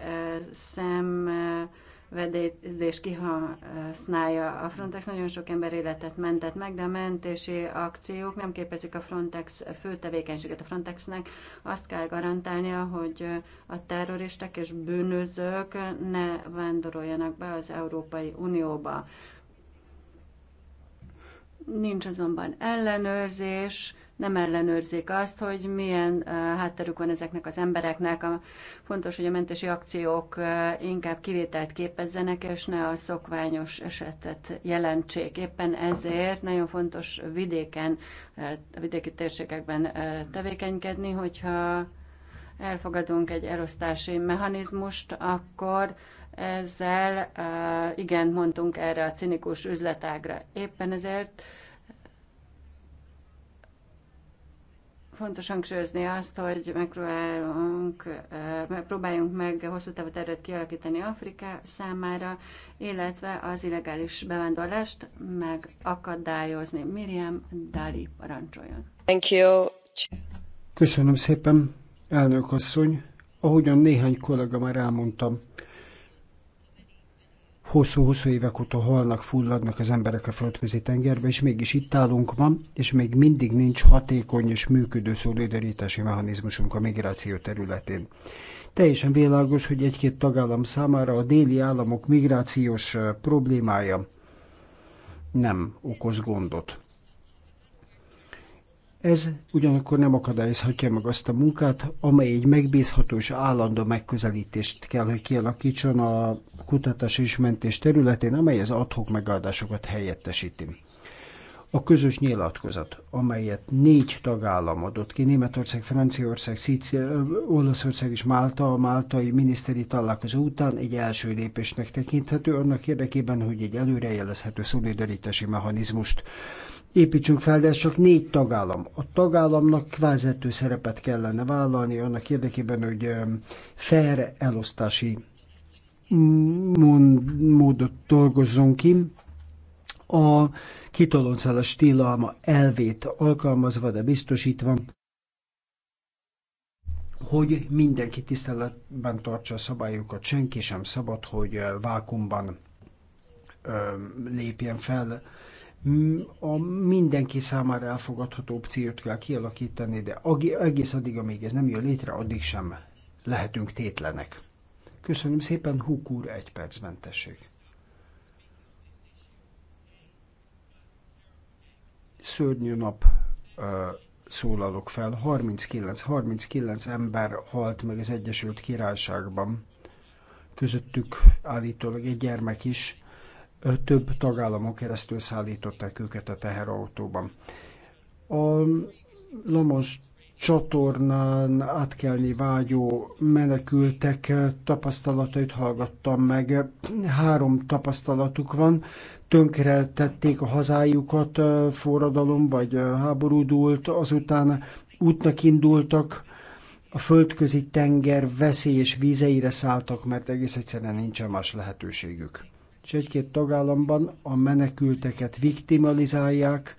és kihasználja. A Frontex nagyon sok ember életet mentett meg, de a mentési akciók nem képezik a Frontex fő tevékenységet. A Frontexnek azt kell garantálnia, hogy a terroristák és bűnözők ne vándoroljanak be az Európai Unióba Nincs azonban ellenőrzés, nem ellenőrzik azt, hogy milyen eh, hátterük van ezeknek az embereknek. Fontos, hogy a mentési akciók eh, inkább kivételt képezzenek, és ne a szokványos esetet jelentsék. Éppen ezért nagyon fontos vidéken, eh, a vidéki térségekben tevékenykedni, hogyha elfogadunk egy elosztási mechanizmust, akkor ezzel igen mondtunk erre a cinikus üzletágra. Éppen ezért fontos hangsúlyozni azt, hogy megpróbálunk, próbáljunk meg hosszú távú tervet kialakítani Afrika számára, illetve az illegális bevándorlást megakadályozni. Miriam Dali parancsoljon. Thank you. Köszönöm szépen, elnök asszony. Ahogyan néhány kollega már elmondtam, hosszú-hosszú évek óta halnak, fulladnak az emberek a földközi tengerbe, és mégis itt állunk ma, és még mindig nincs hatékony és működő szolidaritási mechanizmusunk a migráció területén. Teljesen világos, hogy egy-két tagállam számára a déli államok migrációs problémája nem okoz gondot. Ez ugyanakkor nem akadályozhatja meg azt a munkát, amely egy megbízható és állandó megközelítést kell, hogy kialakítson a kutatás és mentés területén, amely az adhok megadásokat helyettesíti. A közös nyilatkozat, amelyet négy tagállam adott ki, Németország, Franciaország, Szícia, Olaszország és Málta, a máltai miniszteri találkozó után egy első lépésnek tekinthető annak érdekében, hogy egy előrejelezhető szolidaritási mechanizmust építsünk fel, de ez csak négy tagállam. A tagállamnak kvázettő szerepet kellene vállalni annak érdekében, hogy fair elosztási módot dolgozzon ki. A kitoloncolás tilalma elvét alkalmazva, de biztosítva, hogy mindenki tiszteletben tartsa a szabályokat, senki sem szabad, hogy vákumban lépjen fel Mm, a mindenki számára elfogadható opciót kell kialakítani, de egész addig, amíg ez nem jön létre, addig sem lehetünk tétlenek. Köszönöm szépen, Huk úr, egy percben tessék. Szörnyű nap szólalok fel. 39, 39 ember halt meg az Egyesült Királyságban, közöttük állítólag egy gyermek is, több tagállamon keresztül szállították őket a teherautóban. A lamos csatornán átkelni vágyó menekültek tapasztalatait hallgattam meg. Három tapasztalatuk van. Tönkre tették a hazájukat, forradalom vagy háború dúlt, azután útnak indultak, a földközi tenger veszélyes vízeire szálltak, mert egész egyszerűen nincsen más lehetőségük és egy-két tagállamban a menekülteket viktimalizálják,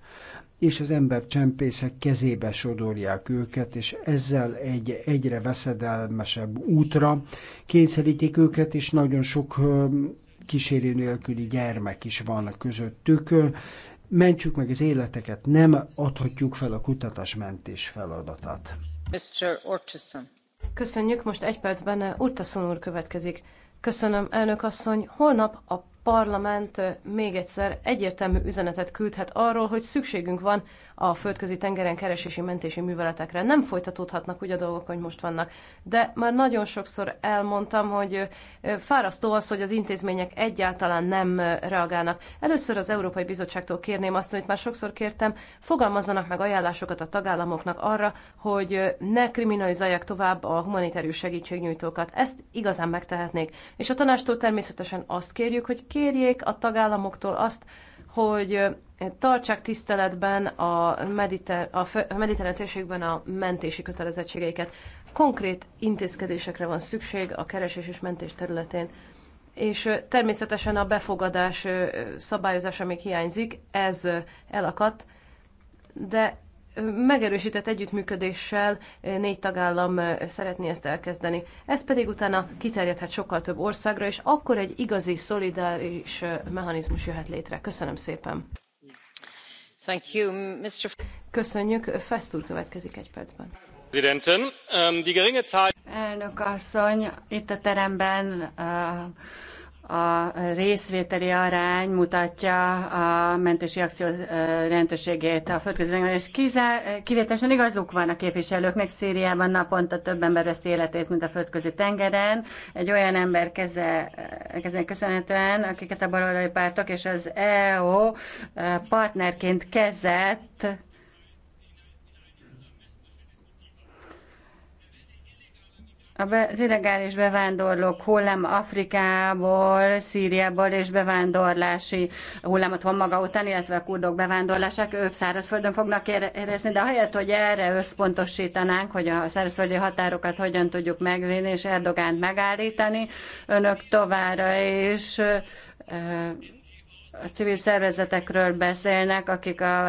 és az ember csempészek kezébe sodorják őket, és ezzel egy egyre veszedelmesebb útra kényszerítik őket, és nagyon sok kísérő nélküli gyermek is van közöttük. Mentsük meg az életeket, nem adhatjuk fel a kutatásmentés feladatát. Mr. Orteson. Köszönjük, most egy percben Urtason úr következik. Köszönöm, elnök asszony. Holnap a parlament még egyszer egyértelmű üzenetet küldhet arról, hogy szükségünk van a földközi tengeren keresési mentési műveletekre. Nem folytatódhatnak úgy a dolgok, hogy most vannak. De már nagyon sokszor elmondtam, hogy fárasztó az, hogy az intézmények egyáltalán nem reagálnak. Először az Európai Bizottságtól kérném azt, hogy már sokszor kértem, fogalmazzanak meg ajánlásokat a tagállamoknak arra, hogy ne kriminalizálják tovább a humanitárius segítségnyújtókat. Ezt igazán megtehetnék. És a tanástól természetesen azt kérjük, hogy kérjék a tagállamoktól azt, hogy tartsák tiszteletben a, mediter, a mediterrán térségben a mentési kötelezettségeiket. Konkrét intézkedésekre van szükség a keresés és mentés területén. És természetesen a befogadás szabályozása még hiányzik, ez elakadt, de megerősített együttműködéssel négy tagállam szeretné ezt elkezdeni. Ez pedig utána kiterjedhet sokkal több országra, és akkor egy igazi, szolidáris mechanizmus jöhet létre. Köszönöm szépen! Thank you, Mr. Köszönjük. úr következik egy percben. Ähm, Elnök asszony, itt a teremben uh, a részvételi arány mutatja a mentési akció jelentőségét a földközi és kivételesen igazuk van a képviselőknek. Szíriában naponta több ember veszt életét, mint a földközi tengeren. Egy olyan ember keze, kezenek köszönhetően, akiket a baloldali pártok és az EO partnerként kezett Az illegális bevándorlók hullám Afrikából, Szíriából és bevándorlási hullámot van maga után, illetve a kurdok bevándorlásák, ők szárazföldön fognak érezni, de ahelyett, hogy erre összpontosítanánk, hogy a szárazföldi határokat hogyan tudjuk megvinni és Erdogánt megállítani, önök továbbra is a civil szervezetekről beszélnek, akik a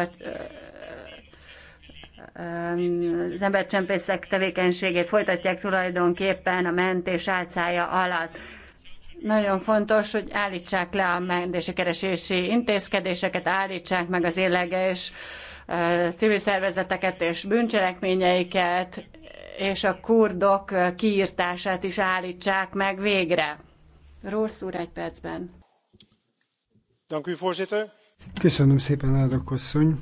az embercsempészek tevékenységét folytatják tulajdonképpen a mentés álcája alatt. Nagyon fontos, hogy állítsák le a mentésekeresési intézkedéseket, állítsák meg az illeges civil szervezeteket és bűncselekményeiket, és a kurdok kiírtását is állítsák meg végre. Rossz úr, egy percben. Köszönöm szépen, Áldok asszony.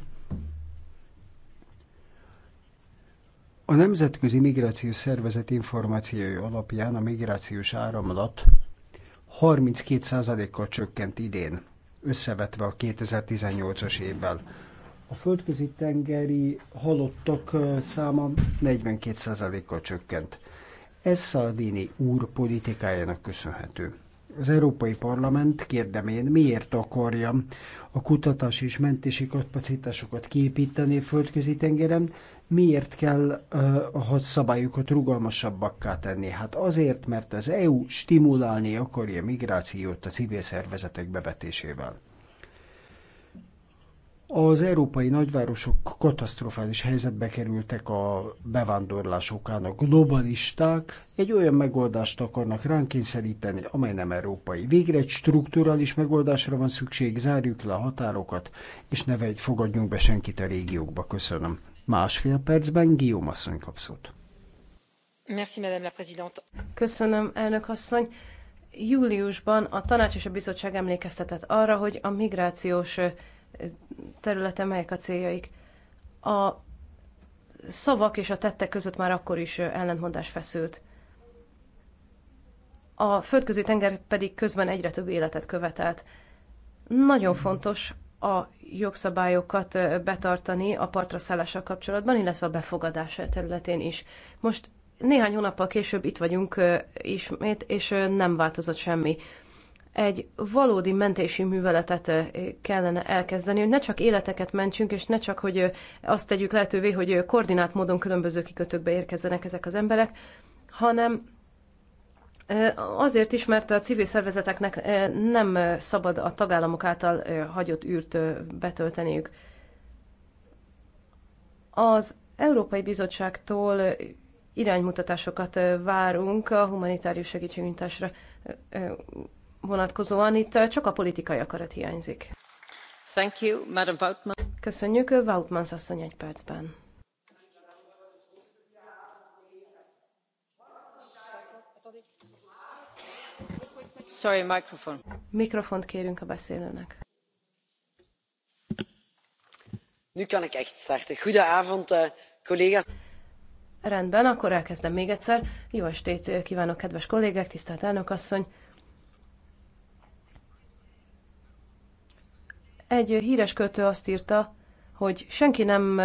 A Nemzetközi Migrációs Szervezet információi alapján a migrációs áramlat 32%-kal csökkent idén, összevetve a 2018-as évvel. A földközi tengeri halottak száma 42%-kal csökkent. Ez Salvini úr politikájának köszönhető. Az Európai Parlament, kérdem én, miért akarja a kutatási és mentési kapacitásokat kiépíteni a földközi tengeren, Miért kell a szabályokat rugalmasabbakká tenni? Hát azért, mert az EU stimulálni akarja migrációt a civil szervezetek bevetésével. Az európai nagyvárosok katasztrofális helyzetbe kerültek a bevándorlásokán, A globalisták egy olyan megoldást akarnak ránk kényszeríteni, amely nem európai. Végre egy strukturális megoldásra van szükség, zárjuk le a határokat, és ne fogadjunk be senkit a régiókba. Köszönöm. Másfél percben Guillaume asszony kap szót. Köszönöm, elnök asszony. Júliusban a tanács és a bizottság emlékeztetett arra, hogy a migrációs területen melyek a céljaik. A szavak és a tettek között már akkor is ellentmondás feszült. A földközi tenger pedig közben egyre több életet követelt. Nagyon fontos, a jogszabályokat betartani a partra szállással kapcsolatban, illetve a befogadása területén is. Most néhány hónappal később itt vagyunk ismét, és nem változott semmi. Egy valódi mentési műveletet kellene elkezdeni, hogy ne csak életeket mentsünk, és ne csak, hogy azt tegyük lehetővé, hogy koordinált módon különböző kikötőkbe érkezzenek ezek az emberek, hanem Azért is, mert a civil szervezeteknek nem szabad a tagállamok által hagyott űrt betölteniük. Az Európai Bizottságtól iránymutatásokat várunk a humanitárius segítségnyújtásra vonatkozóan. Itt csak a politikai akarat hiányzik. Thank you, Madam Köszönjük, Vautmans asszony egy percben. Sorry, Mikrofont kérünk a eh, Rendben, akkor elkezdem még egyszer. Jó estét eh, kívánok, kedves kollégák, tisztelt asszony Egy eh, híres költő azt írta, hogy senki nem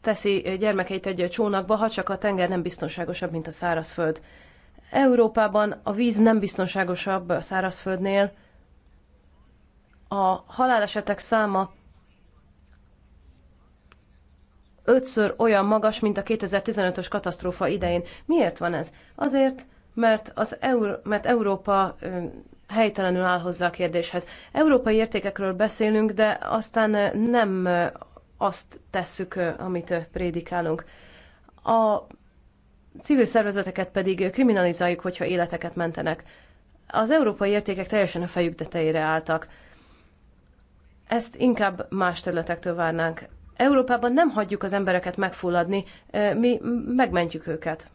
teszi gyermekeit egy csónakba, ha csak a tenger nem biztonságosabb, mint a szárazföld. Európában a víz nem biztonságosabb a szárazföldnél. A halálesetek száma ötször olyan magas, mint a 2015-ös katasztrófa idején. Miért van ez? Azért, mert, az Eur- mert Európa helytelenül áll hozzá a kérdéshez. Európai értékekről beszélünk, de aztán nem azt tesszük, amit prédikálunk. A civil szervezeteket pedig kriminalizáljuk, hogyha életeket mentenek. Az európai értékek teljesen a fejük tetejére álltak. Ezt inkább más területektől várnánk. Európában nem hagyjuk az embereket megfulladni, mi megmentjük őket.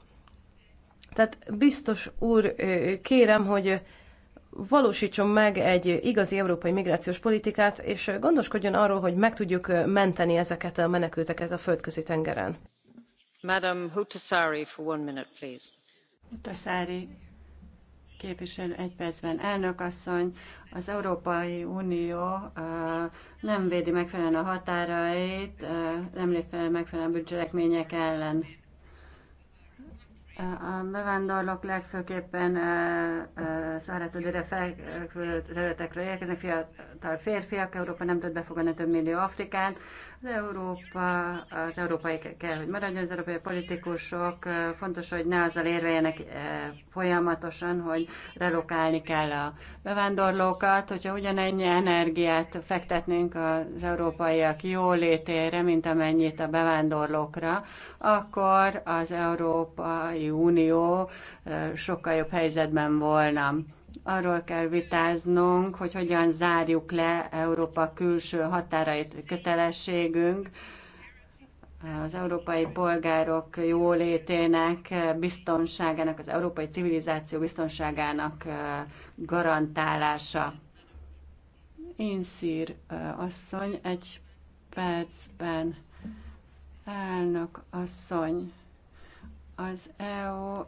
Tehát biztos úr, kérem, hogy valósítson meg egy igazi európai migrációs politikát, és gondoskodjon arról, hogy meg tudjuk menteni ezeket a menekülteket a földközi tengeren. Madam Huhtasaari for one minute, please. képviselő egy Elnök asszony, az Európai Unió nem védi megfelelően a határait, nem lép fel megfelelően bűncselekmények ellen. A bevándorlók legfőképpen szárazföldre felkülő területekről érkeznek, fiatal férfiak, Európa nem tud befogadni több millió afrikát, az Európa, az európai kell, hogy maradjon, az európai politikusok fontos, hogy ne azzal érveljenek folyamatosan, hogy relokálni kell a bevándorlókat, hogyha ugyanennyi energiát fektetnénk az európaiak jólétére, mint amennyit a bevándorlókra, akkor az Európai Unió sokkal jobb helyzetben volna arról kell vitáznunk, hogy hogyan zárjuk le Európa külső határait kötelességünk, az európai polgárok jólétének, biztonságának, az európai civilizáció biztonságának garantálása. Inszír asszony, egy percben elnök asszony. Az EU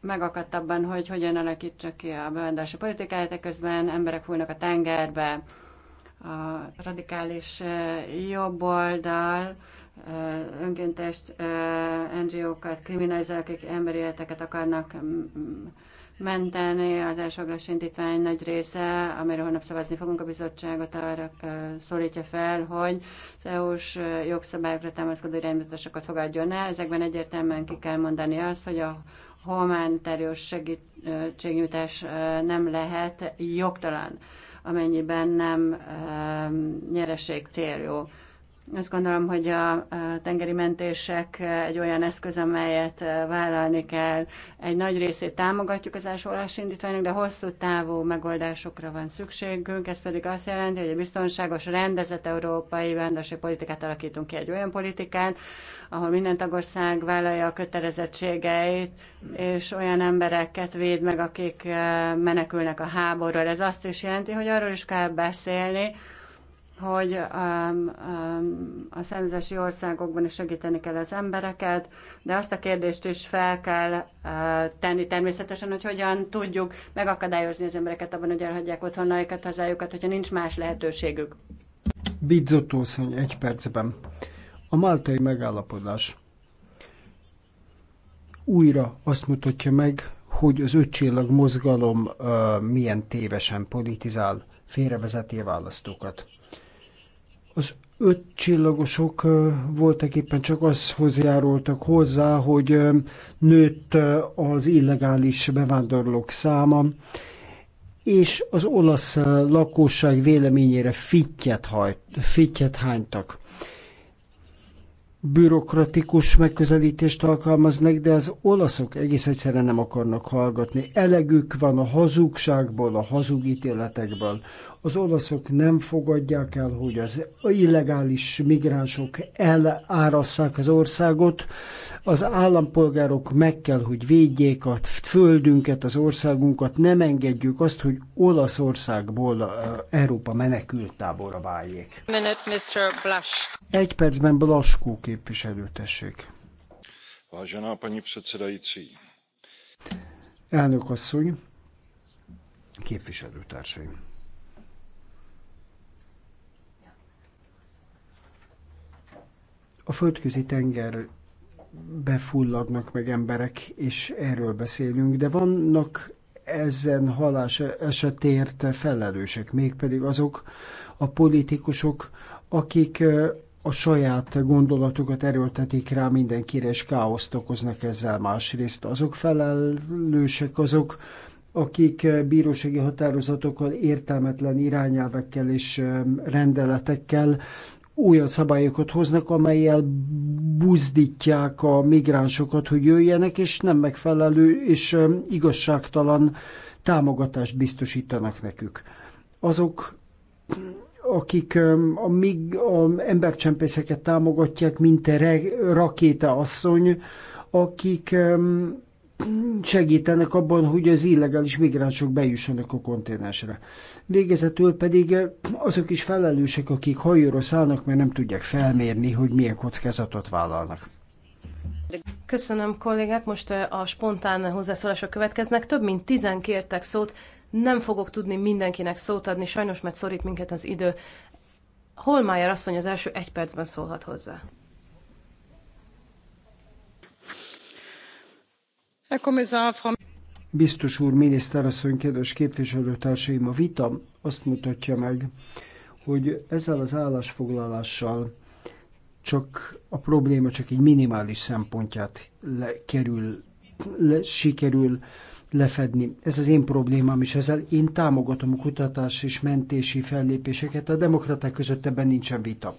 megakadt abban, hogy hogyan alakítsa ki a bevándorlási politikáját, közben emberek fújnak a tengerbe, a radikális jobboldal, önkéntes NGO-kat kriminalizál, akik emberi életeket akarnak menteni. Az elsőglás indítvány nagy része, amiről holnap szavazni fogunk a bizottságot, arra szólítja fel, hogy az EU-s jogszabályokra támaszkodó iránymutatásokat fogadjon el. Ezekben egyértelműen ki kell mondani azt, hogy a humanitárius segítségnyújtás nem lehet jogtalan, amennyiben nem nyereség céljú. Azt gondolom, hogy a tengeri mentések egy olyan eszköz, amelyet vállalni kell. Egy nagy részét támogatjuk az ásolás indítványok, de hosszú távú megoldásokra van szükségünk. Ez pedig azt jelenti, hogy a biztonságos rendezett európai rendőrség politikát alakítunk ki egy olyan politikán, ahol minden tagország vállalja a kötelezettségeit, és olyan embereket véd meg, akik menekülnek a háborúról. Ez azt is jelenti, hogy arról is kell beszélni, hogy um, um, a származási országokban is segíteni kell az embereket, de azt a kérdést is fel kell uh, tenni természetesen, hogy hogyan tudjuk megakadályozni az embereket abban, hogy elhagyják otthonaikat, hazájukat, hogyha nincs más lehetőségük. Bizzotószony egy percben. A máltai megállapodás újra azt mutatja meg, hogy az ötcsillag mozgalom uh, milyen tévesen politizál, félrevezeti a választókat. Az öt csillagosok voltak éppen csak az hozzájárultak hozzá, hogy nőtt az illegális bevándorlók száma, és az olasz lakosság véleményére fittyet, hajt, fittyet hánytak. Bürokratikus megközelítést alkalmaznak, de az olaszok egész egyszerűen nem akarnak hallgatni. Elegük van a hazugságból, a hazugítéletekből. Az olaszok nem fogadják el, hogy az illegális migránsok elárasszák az országot. Az állampolgárok meg kell, hogy védjék a földünket, az országunkat. Nem engedjük azt, hogy Olaszországból Európa menekültábora váljék. Minute, Mr. Egy percben Blaskó képviselő, tessék. Vážená paní předsedající. Elnök asszony, képviselőtársaim! a földközi tenger befulladnak meg emberek, és erről beszélünk, de vannak ezen halás esetért felelősek, mégpedig azok a politikusok, akik a saját gondolatokat erőltetik rá mindenkire, és káoszt okoznak ezzel másrészt. Azok felelősek azok, akik bírósági határozatokkal, értelmetlen irányelvekkel és rendeletekkel olyan szabályokat hoznak, amelyel buzdítják a migránsokat, hogy jöjjenek, és nem megfelelő és igazságtalan támogatást biztosítanak nekük. Azok, akik a, mig, a embercsempészeket támogatják, mint a asszony, akik segítenek abban, hogy az illegális migránsok bejussanak a konténensre. Végezetül pedig eh, azok is felelősek, akik hajóra szállnak, mert nem tudják felmérni, hogy milyen kockázatot vállalnak. Köszönöm, kollégák. Most eh, a spontán hozzászólások következnek. Több mint tizen kértek szót. Nem fogok tudni mindenkinek szót adni, sajnos, mert szorít minket az idő. Holmájer asszony az első egy percben szólhat hozzá. Biztos úr, miniszterasszony, kedves képviselőtársaim, a vita azt mutatja meg, hogy ezzel az állásfoglalással csak a probléma csak egy minimális szempontját le, kerül, le, sikerül lefedni. Ez az én problémám is ezzel. Én támogatom a kutatás és mentési fellépéseket, a demokraták között ebben nincsen vita.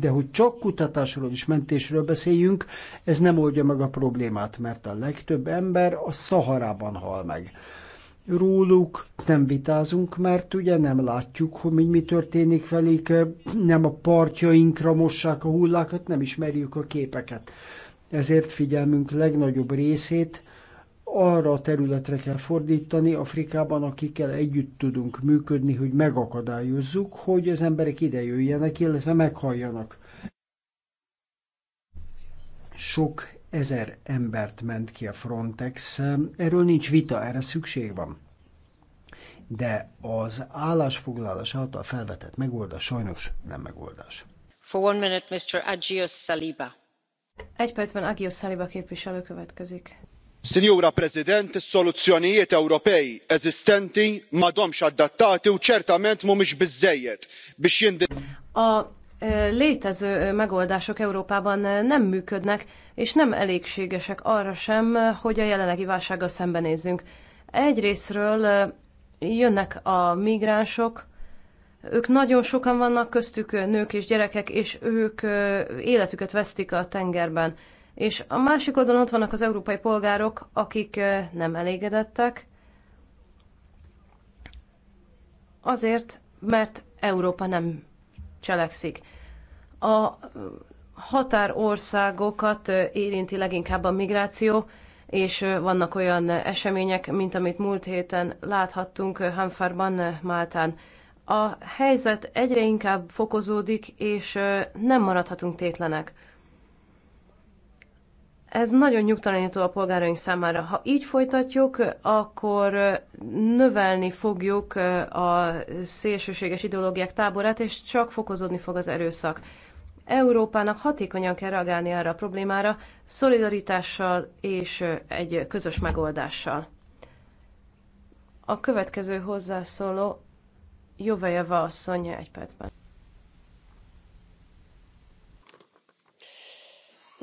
De hogy csak kutatásról és mentésről beszéljünk, ez nem oldja meg a problémát, mert a legtöbb ember a Szaharában hal meg róluk nem vitázunk, mert ugye nem látjuk, hogy mi történik velük, nem a partjainkra mossák a hullákat, nem ismerjük a képeket. Ezért figyelmünk legnagyobb részét arra a területre kell fordítani Afrikában, akikkel együtt tudunk működni, hogy megakadályozzuk, hogy az emberek ide jöjjenek, illetve meghalljanak. Sok ezer embert ment ki a Frontex, erről nincs vita, erre szükség van. De az állásfoglalás által felvetett megoldás sajnos nem megoldás. For one minute, Mr. Agios Saliba. Egy percben Agios Saliba képviselő következik sinjura president is-soluzzjonijiet ewropej eżistenti m'għadhomx adattati u ċertament mhumiex biżżejjed biex jindirizzaw A e, létező megoldások Európában nem működnek, és nem elégségesek arra sem, hogy a jelenlegi válsággal szembenézzünk. Egyrésztről e, jönnek a migránsok, ők nagyon sokan vannak, köztük nők és gyerekek, és ők e, életüket vesztik a tengerben. És a másik oldalon ott vannak az európai polgárok, akik nem elégedettek, azért, mert Európa nem cselekszik. A határországokat érinti leginkább a migráció, és vannak olyan események, mint amit múlt héten láthattunk Hanfarban, Máltán. A helyzet egyre inkább fokozódik, és nem maradhatunk tétlenek. Ez nagyon nyugtalanító a polgáraink számára. Ha így folytatjuk, akkor növelni fogjuk a szélsőséges ideológiák táborát, és csak fokozódni fog az erőszak. Európának hatékonyan kell reagálni erre a problémára, szolidaritással és egy közös megoldással. A következő hozzászóló Jóvejeva asszony egy percben.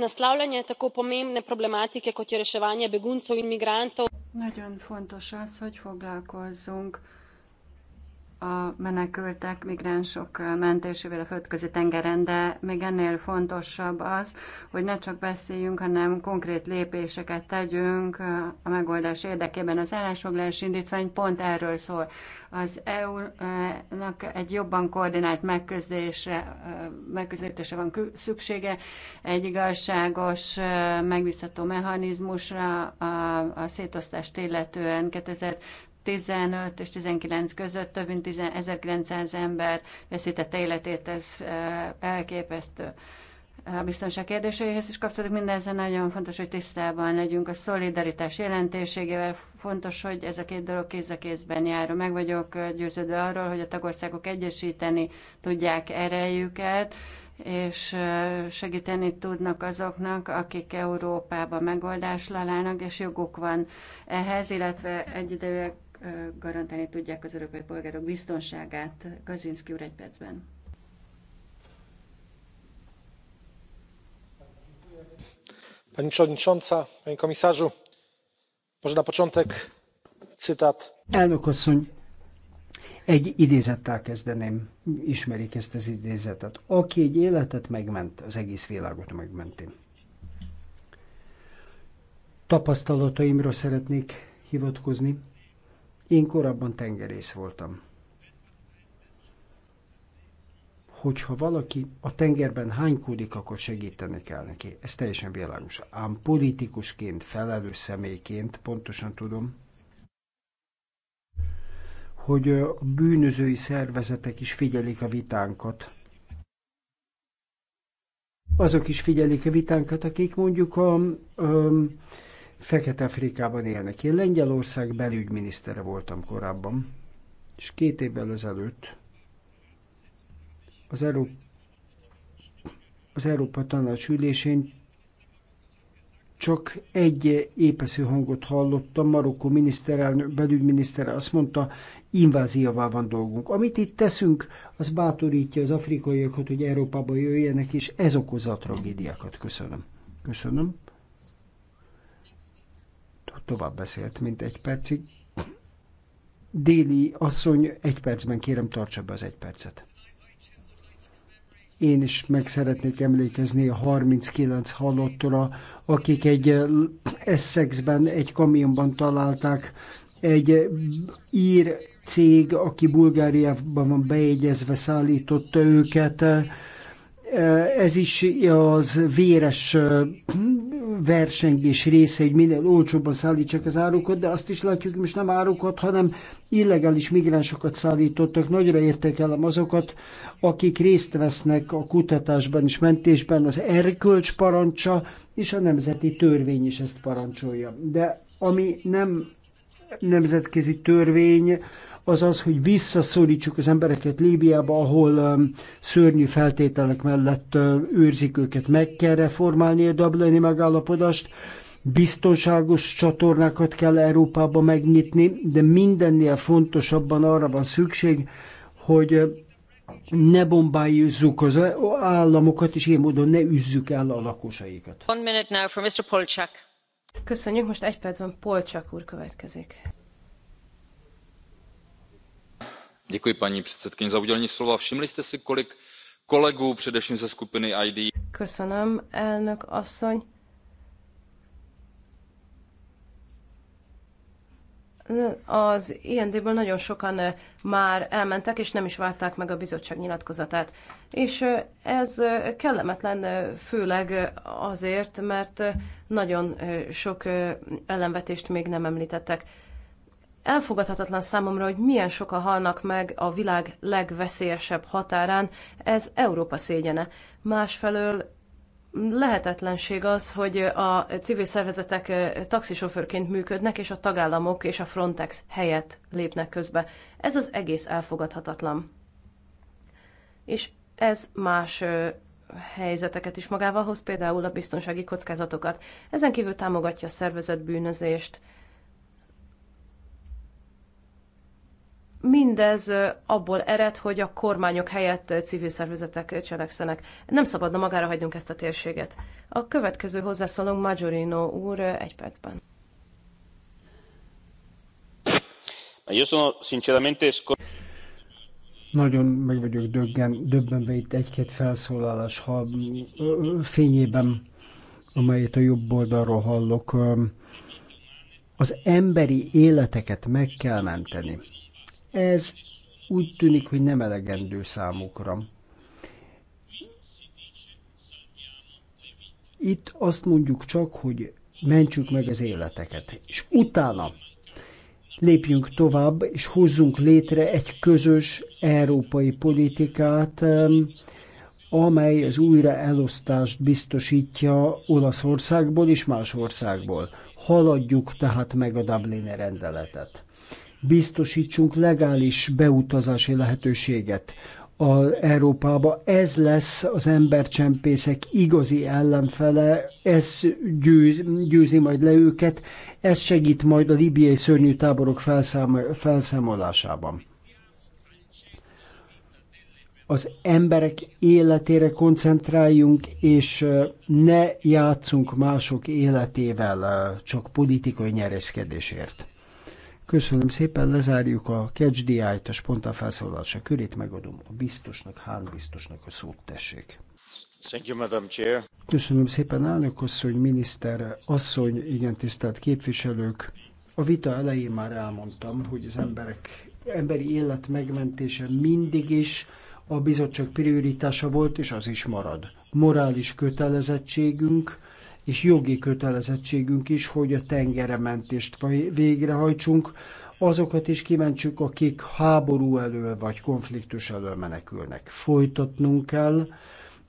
Naslavljanje tako pomembne problematike, kot je reševanje beguncev in migrantov. Nagyon fontos az, hogy foglalkozzunk a menekültek, migránsok mentésével a földközi tengeren, de még ennél fontosabb az, hogy ne csak beszéljünk, hanem konkrét lépéseket tegyünk a megoldás érdekében. Az állásfoglalás indítvány pont erről szól. Az EU-nak egy jobban koordinált megközdésre, megközelítése van szüksége, egy igazságos, megbízható mechanizmusra a, a szétosztást illetően 2000 15 és 19 között több mint 1900 ember veszítette életét, ez elképesztő. A biztonság kérdéseihez is kapcsolódik mindezzel, nagyon fontos, hogy tisztában legyünk a szolidaritás jelentőségével, fontos, hogy ez a két dolog kéz a kézben jár. Meg vagyok győződve arról, hogy a tagországok egyesíteni tudják erejüket, és segíteni tudnak azoknak, akik Európában megoldást lalának, és joguk van ehhez, illetve egyidejűleg garantálni tudják az európai polgárok biztonságát. Kazinszki úr egy percben. Pani przewodnicząca, panie komisarzu, może na początek cytat. Elnök asszony, egy idézettel kezdeném, ismerik ezt az idézetet. Aki egy életet megment, az egész világot megmenti. Tapasztalataimra szeretnék hivatkozni. Én korábban tengerész voltam. Hogyha valaki a tengerben hánykódik, akkor segíteni kell neki. Ez teljesen világos. Ám politikusként, felelős személyként pontosan tudom, hogy a bűnözői szervezetek is figyelik a vitánkat. Azok is figyelik a vitánkat, akik mondjuk a, a Fekete-Afrikában élnek. Én Lengyelország belügyminisztere voltam korábban, és két évvel ezelőtt az, Európa, az Európa Tanács ülésén csak egy épesző hangot hallottam, Marokkó miniszterelnök, belügyminisztere azt mondta, invázióval van dolgunk. Amit itt teszünk, az bátorítja az afrikaiakat, hogy Európába jöjjenek, és ez okozza a tragédiákat. Köszönöm. Köszönöm. Tovább beszélt, mint egy percig. Déli asszony, egy percben kérem, tartsa be az egy percet. Én is meg szeretnék emlékezni a 39 halottra, akik egy Essexben, egy kamionban találták egy ír cég, aki Bulgáriában van bejegyezve, szállította őket. Ez is az véres versengés része, hogy minél olcsóbban szállítsák az árukat, de azt is látjuk, hogy most nem árukat, hanem illegális migránsokat szállítottak. Nagyra értékelem azokat, akik részt vesznek a kutatásban és mentésben, az erkölcs parancsa és a nemzeti törvény is ezt parancsolja. De ami nem nemzetközi törvény, az az, hogy visszaszorítsuk az embereket Líbiába, ahol um, szörnyű feltételek mellett uh, őrzik őket. Meg kell reformálni a Dublini megállapodást, biztonságos csatornákat kell Európába megnyitni, de mindennél fontosabban arra van szükség, hogy uh, ne bombájúzzuk az uh, államokat, és ilyen módon ne üzzük el a lakosaikat. One minute now for Mr. Polchak. Köszönjük, most egy van, Polcsak úr következik paní předsedající všimli jste si kolik kolegů především ze skupiny id. köszönöm elnök asszony az ind ből nagyon sokan már elmentek és nem is várták meg a bizottság nyilatkozatát és ez kellemetlen főleg azért mert nagyon sok ellenvetést még nem említettek. Elfogadhatatlan számomra, hogy milyen sokan halnak meg a világ legveszélyesebb határán, ez Európa szégyene. Másfelől lehetetlenség az, hogy a civil szervezetek taxisofőrként működnek, és a tagállamok és a Frontex helyett lépnek közbe. Ez az egész elfogadhatatlan. És ez más helyzeteket is magával hoz, például a biztonsági kockázatokat. Ezen kívül támogatja a szervezett bűnözést, Mindez abból ered, hogy a kormányok helyett civil szervezetek cselekszenek. Nem szabadna magára hagynunk ezt a térséget. A következő hozzászólónk Majorino úr egy percben. Nagyon meg vagyok döggen, döbbenve itt egy-két felszólalás ha, fényében, amelyet a jobb oldalról hallok. Az emberi életeket meg kell menteni ez úgy tűnik, hogy nem elegendő számukra. Itt azt mondjuk csak, hogy mentsük meg az életeket, és utána lépjünk tovább, és hozzunk létre egy közös európai politikát, amely az újraelosztást biztosítja Olaszországból és más országból. Haladjuk tehát meg a Dublini rendeletet biztosítsunk legális beutazási lehetőséget az Európába. Ez lesz az embercsempészek igazi ellenfele, ez győz, győzi majd le őket, ez segít majd a libiai szörnyű táborok felszám, felszámolásában. Az emberek életére koncentráljunk, és ne játszunk mások életével csak politikai nyerészkedésért. Köszönöm szépen, lezárjuk a Catch the eye a spontán felszólalása körét, megadom a biztosnak, hán biztosnak a szót tessék. Thank you, Madam Chair. Köszönöm szépen, elnök asszony, miniszter asszony, igen tisztelt képviselők. A vita elején már elmondtam, hogy az emberek, emberi élet megmentése mindig is a bizottság prioritása volt, és az is marad. Morális kötelezettségünk, és jogi kötelezettségünk is, hogy a tengerementést végrehajtsunk, azokat is kimentsük, akik háború elől vagy konfliktus elől menekülnek. Folytatnunk kell,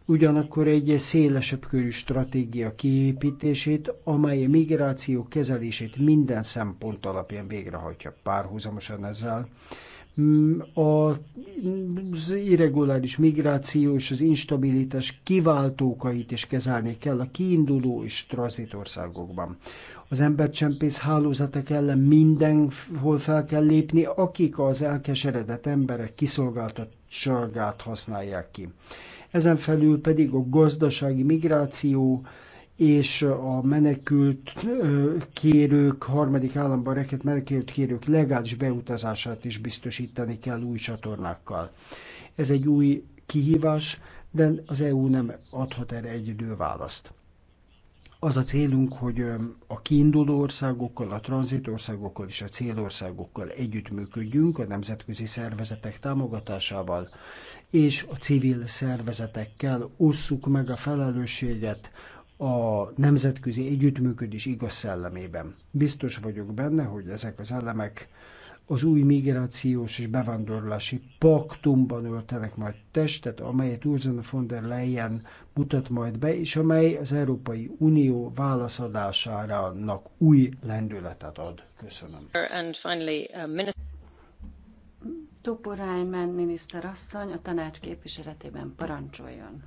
ugyanakkor egy szélesebb körű stratégia kiépítését, amely a migráció kezelését minden szempont alapján végrehajtja párhuzamosan ezzel. Mm, az irreguláris migráció és az instabilitás kiváltókait is kezelni kell a kiinduló és tranzitországokban. Az embercsempész hálózatok ellen mindenhol fel kell lépni, akik az elkeseredett emberek kiszolgáltatságát használják ki. Ezen felül pedig a gazdasági migráció, és a menekült kérők, harmadik államban rekett menekült kérők legális beutazását is biztosítani kell új csatornákkal. Ez egy új kihívás, de az EU nem adhat erre egyidő választ. Az a célunk, hogy a kiinduló országokkal, a tranzitországokkal és a célországokkal együttműködjünk a nemzetközi szervezetek támogatásával, és a civil szervezetekkel osszuk meg a felelősséget a nemzetközi együttműködés igaz szellemében. Biztos vagyok benne, hogy ezek az elemek az új migrációs és bevándorlási paktumban öltenek majd testet, amelyet Ursula von der Leyen mutat majd be, és amely az Európai Unió válaszadásának új lendületet ad. Köszönöm. And finally, uh, minister... Tuporánymen miniszterasszony a tanács képviseletében parancsoljon.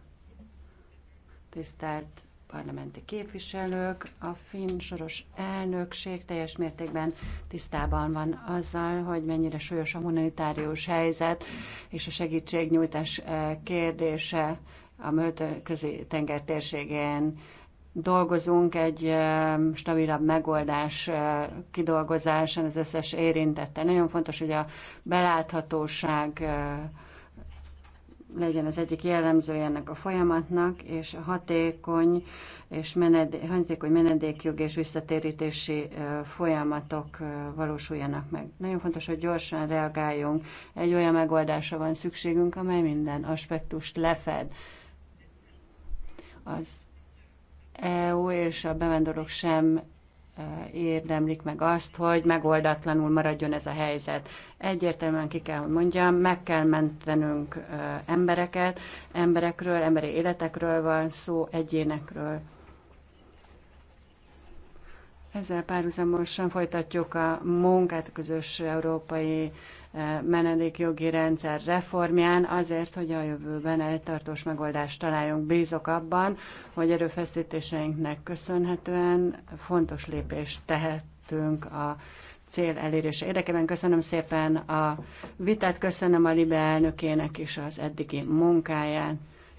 Tisztelt parlamenti képviselők, a finn soros elnökség teljes mértékben tisztában van azzal, hogy mennyire súlyos a humanitárius helyzet és a segítségnyújtás eh, kérdése a Möltöközi tenger térségén dolgozunk egy eh, stabilabb megoldás eh, kidolgozásán az összes érintette. Nagyon fontos, hogy a beláthatóság legyen az egyik jellemző ennek a folyamatnak, és hatékony és menedé, hatékony menedékjog és visszatérítési folyamatok valósuljanak meg. Nagyon fontos, hogy gyorsan reagáljunk. Egy olyan megoldásra van szükségünk, amely minden aspektust lefed. Az EU és a bevándorlók sem érdemlik meg azt, hogy megoldatlanul maradjon ez a helyzet. Egyértelműen ki kell, hogy mondjam, meg kell mentenünk embereket, emberekről, emberi életekről van szó, egyénekről. Ezzel párhuzamosan folytatjuk a munkát a közös európai menedékjogi rendszer reformján, azért, hogy a jövőben egy tartós megoldást találjunk. Bízok abban, hogy erőfeszítéseinknek köszönhetően fontos lépést tehetünk a cél elérése érdekében. Köszönöm szépen a vitát, köszönöm a Libe elnökének is az eddigi munkáját.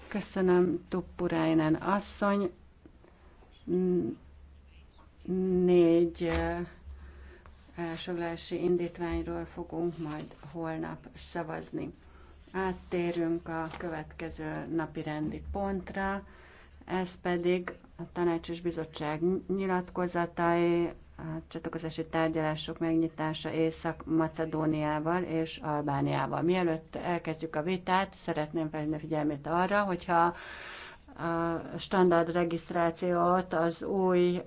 Köszönöm Tuppuráinen asszony. Négy állásfoglalási indítványról fogunk majd holnap szavazni. Áttérünk a következő napi rendi pontra, ez pedig a Tanács és Bizottság nyilatkozatai, a csatlakozási tárgyalások megnyitása Észak-Macedóniával és Albániával. Mielőtt elkezdjük a vitát, szeretném felhívni a figyelmét arra, hogyha a standard regisztrációt az új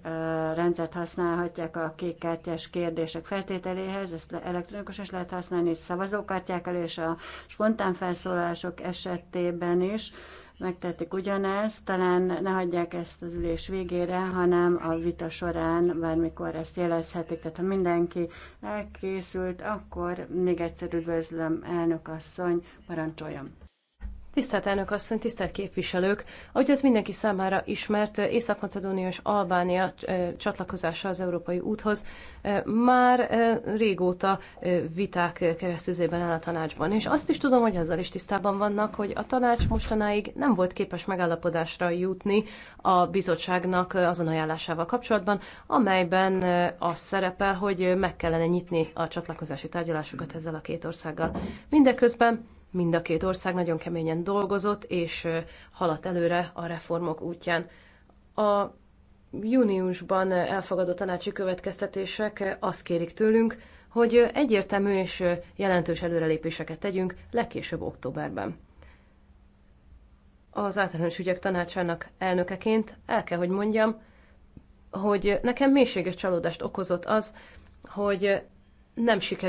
rendszert használhatják a kékkártyás kérdések feltételéhez, ezt elektronikus is lehet használni, és szavazókártyákkal, és a spontán felszólalások esetében is megtették ugyanezt, talán ne hagyják ezt az ülés végére, hanem a vita során bármikor ezt jelezhetik. Tehát ha mindenki elkészült, akkor még egyszer üdvözlöm, elnök asszony, parancsoljon! Tisztelt elnök asszony, tisztelt képviselők! Ahogy az mindenki számára ismert, Észak-Macedónia és Albánia csatlakozása az európai úthoz már régóta viták keresztüzében áll a tanácsban. És azt is tudom, hogy azzal is tisztában vannak, hogy a tanács mostanáig nem volt képes megállapodásra jutni a bizottságnak azon ajánlásával kapcsolatban, amelyben az szerepel, hogy meg kellene nyitni a csatlakozási tárgyalásokat ezzel a két országgal. Mindeközben Mind a két ország nagyon keményen dolgozott, és haladt előre a reformok útján. A júniusban elfogadott tanácsi következtetések azt kérik tőlünk, hogy egyértelmű és jelentős előrelépéseket tegyünk legkésőbb októberben. Az általános ügyek tanácsának elnökeként el kell, hogy mondjam, hogy nekem mélységes csalódást okozott az, hogy nem sikerült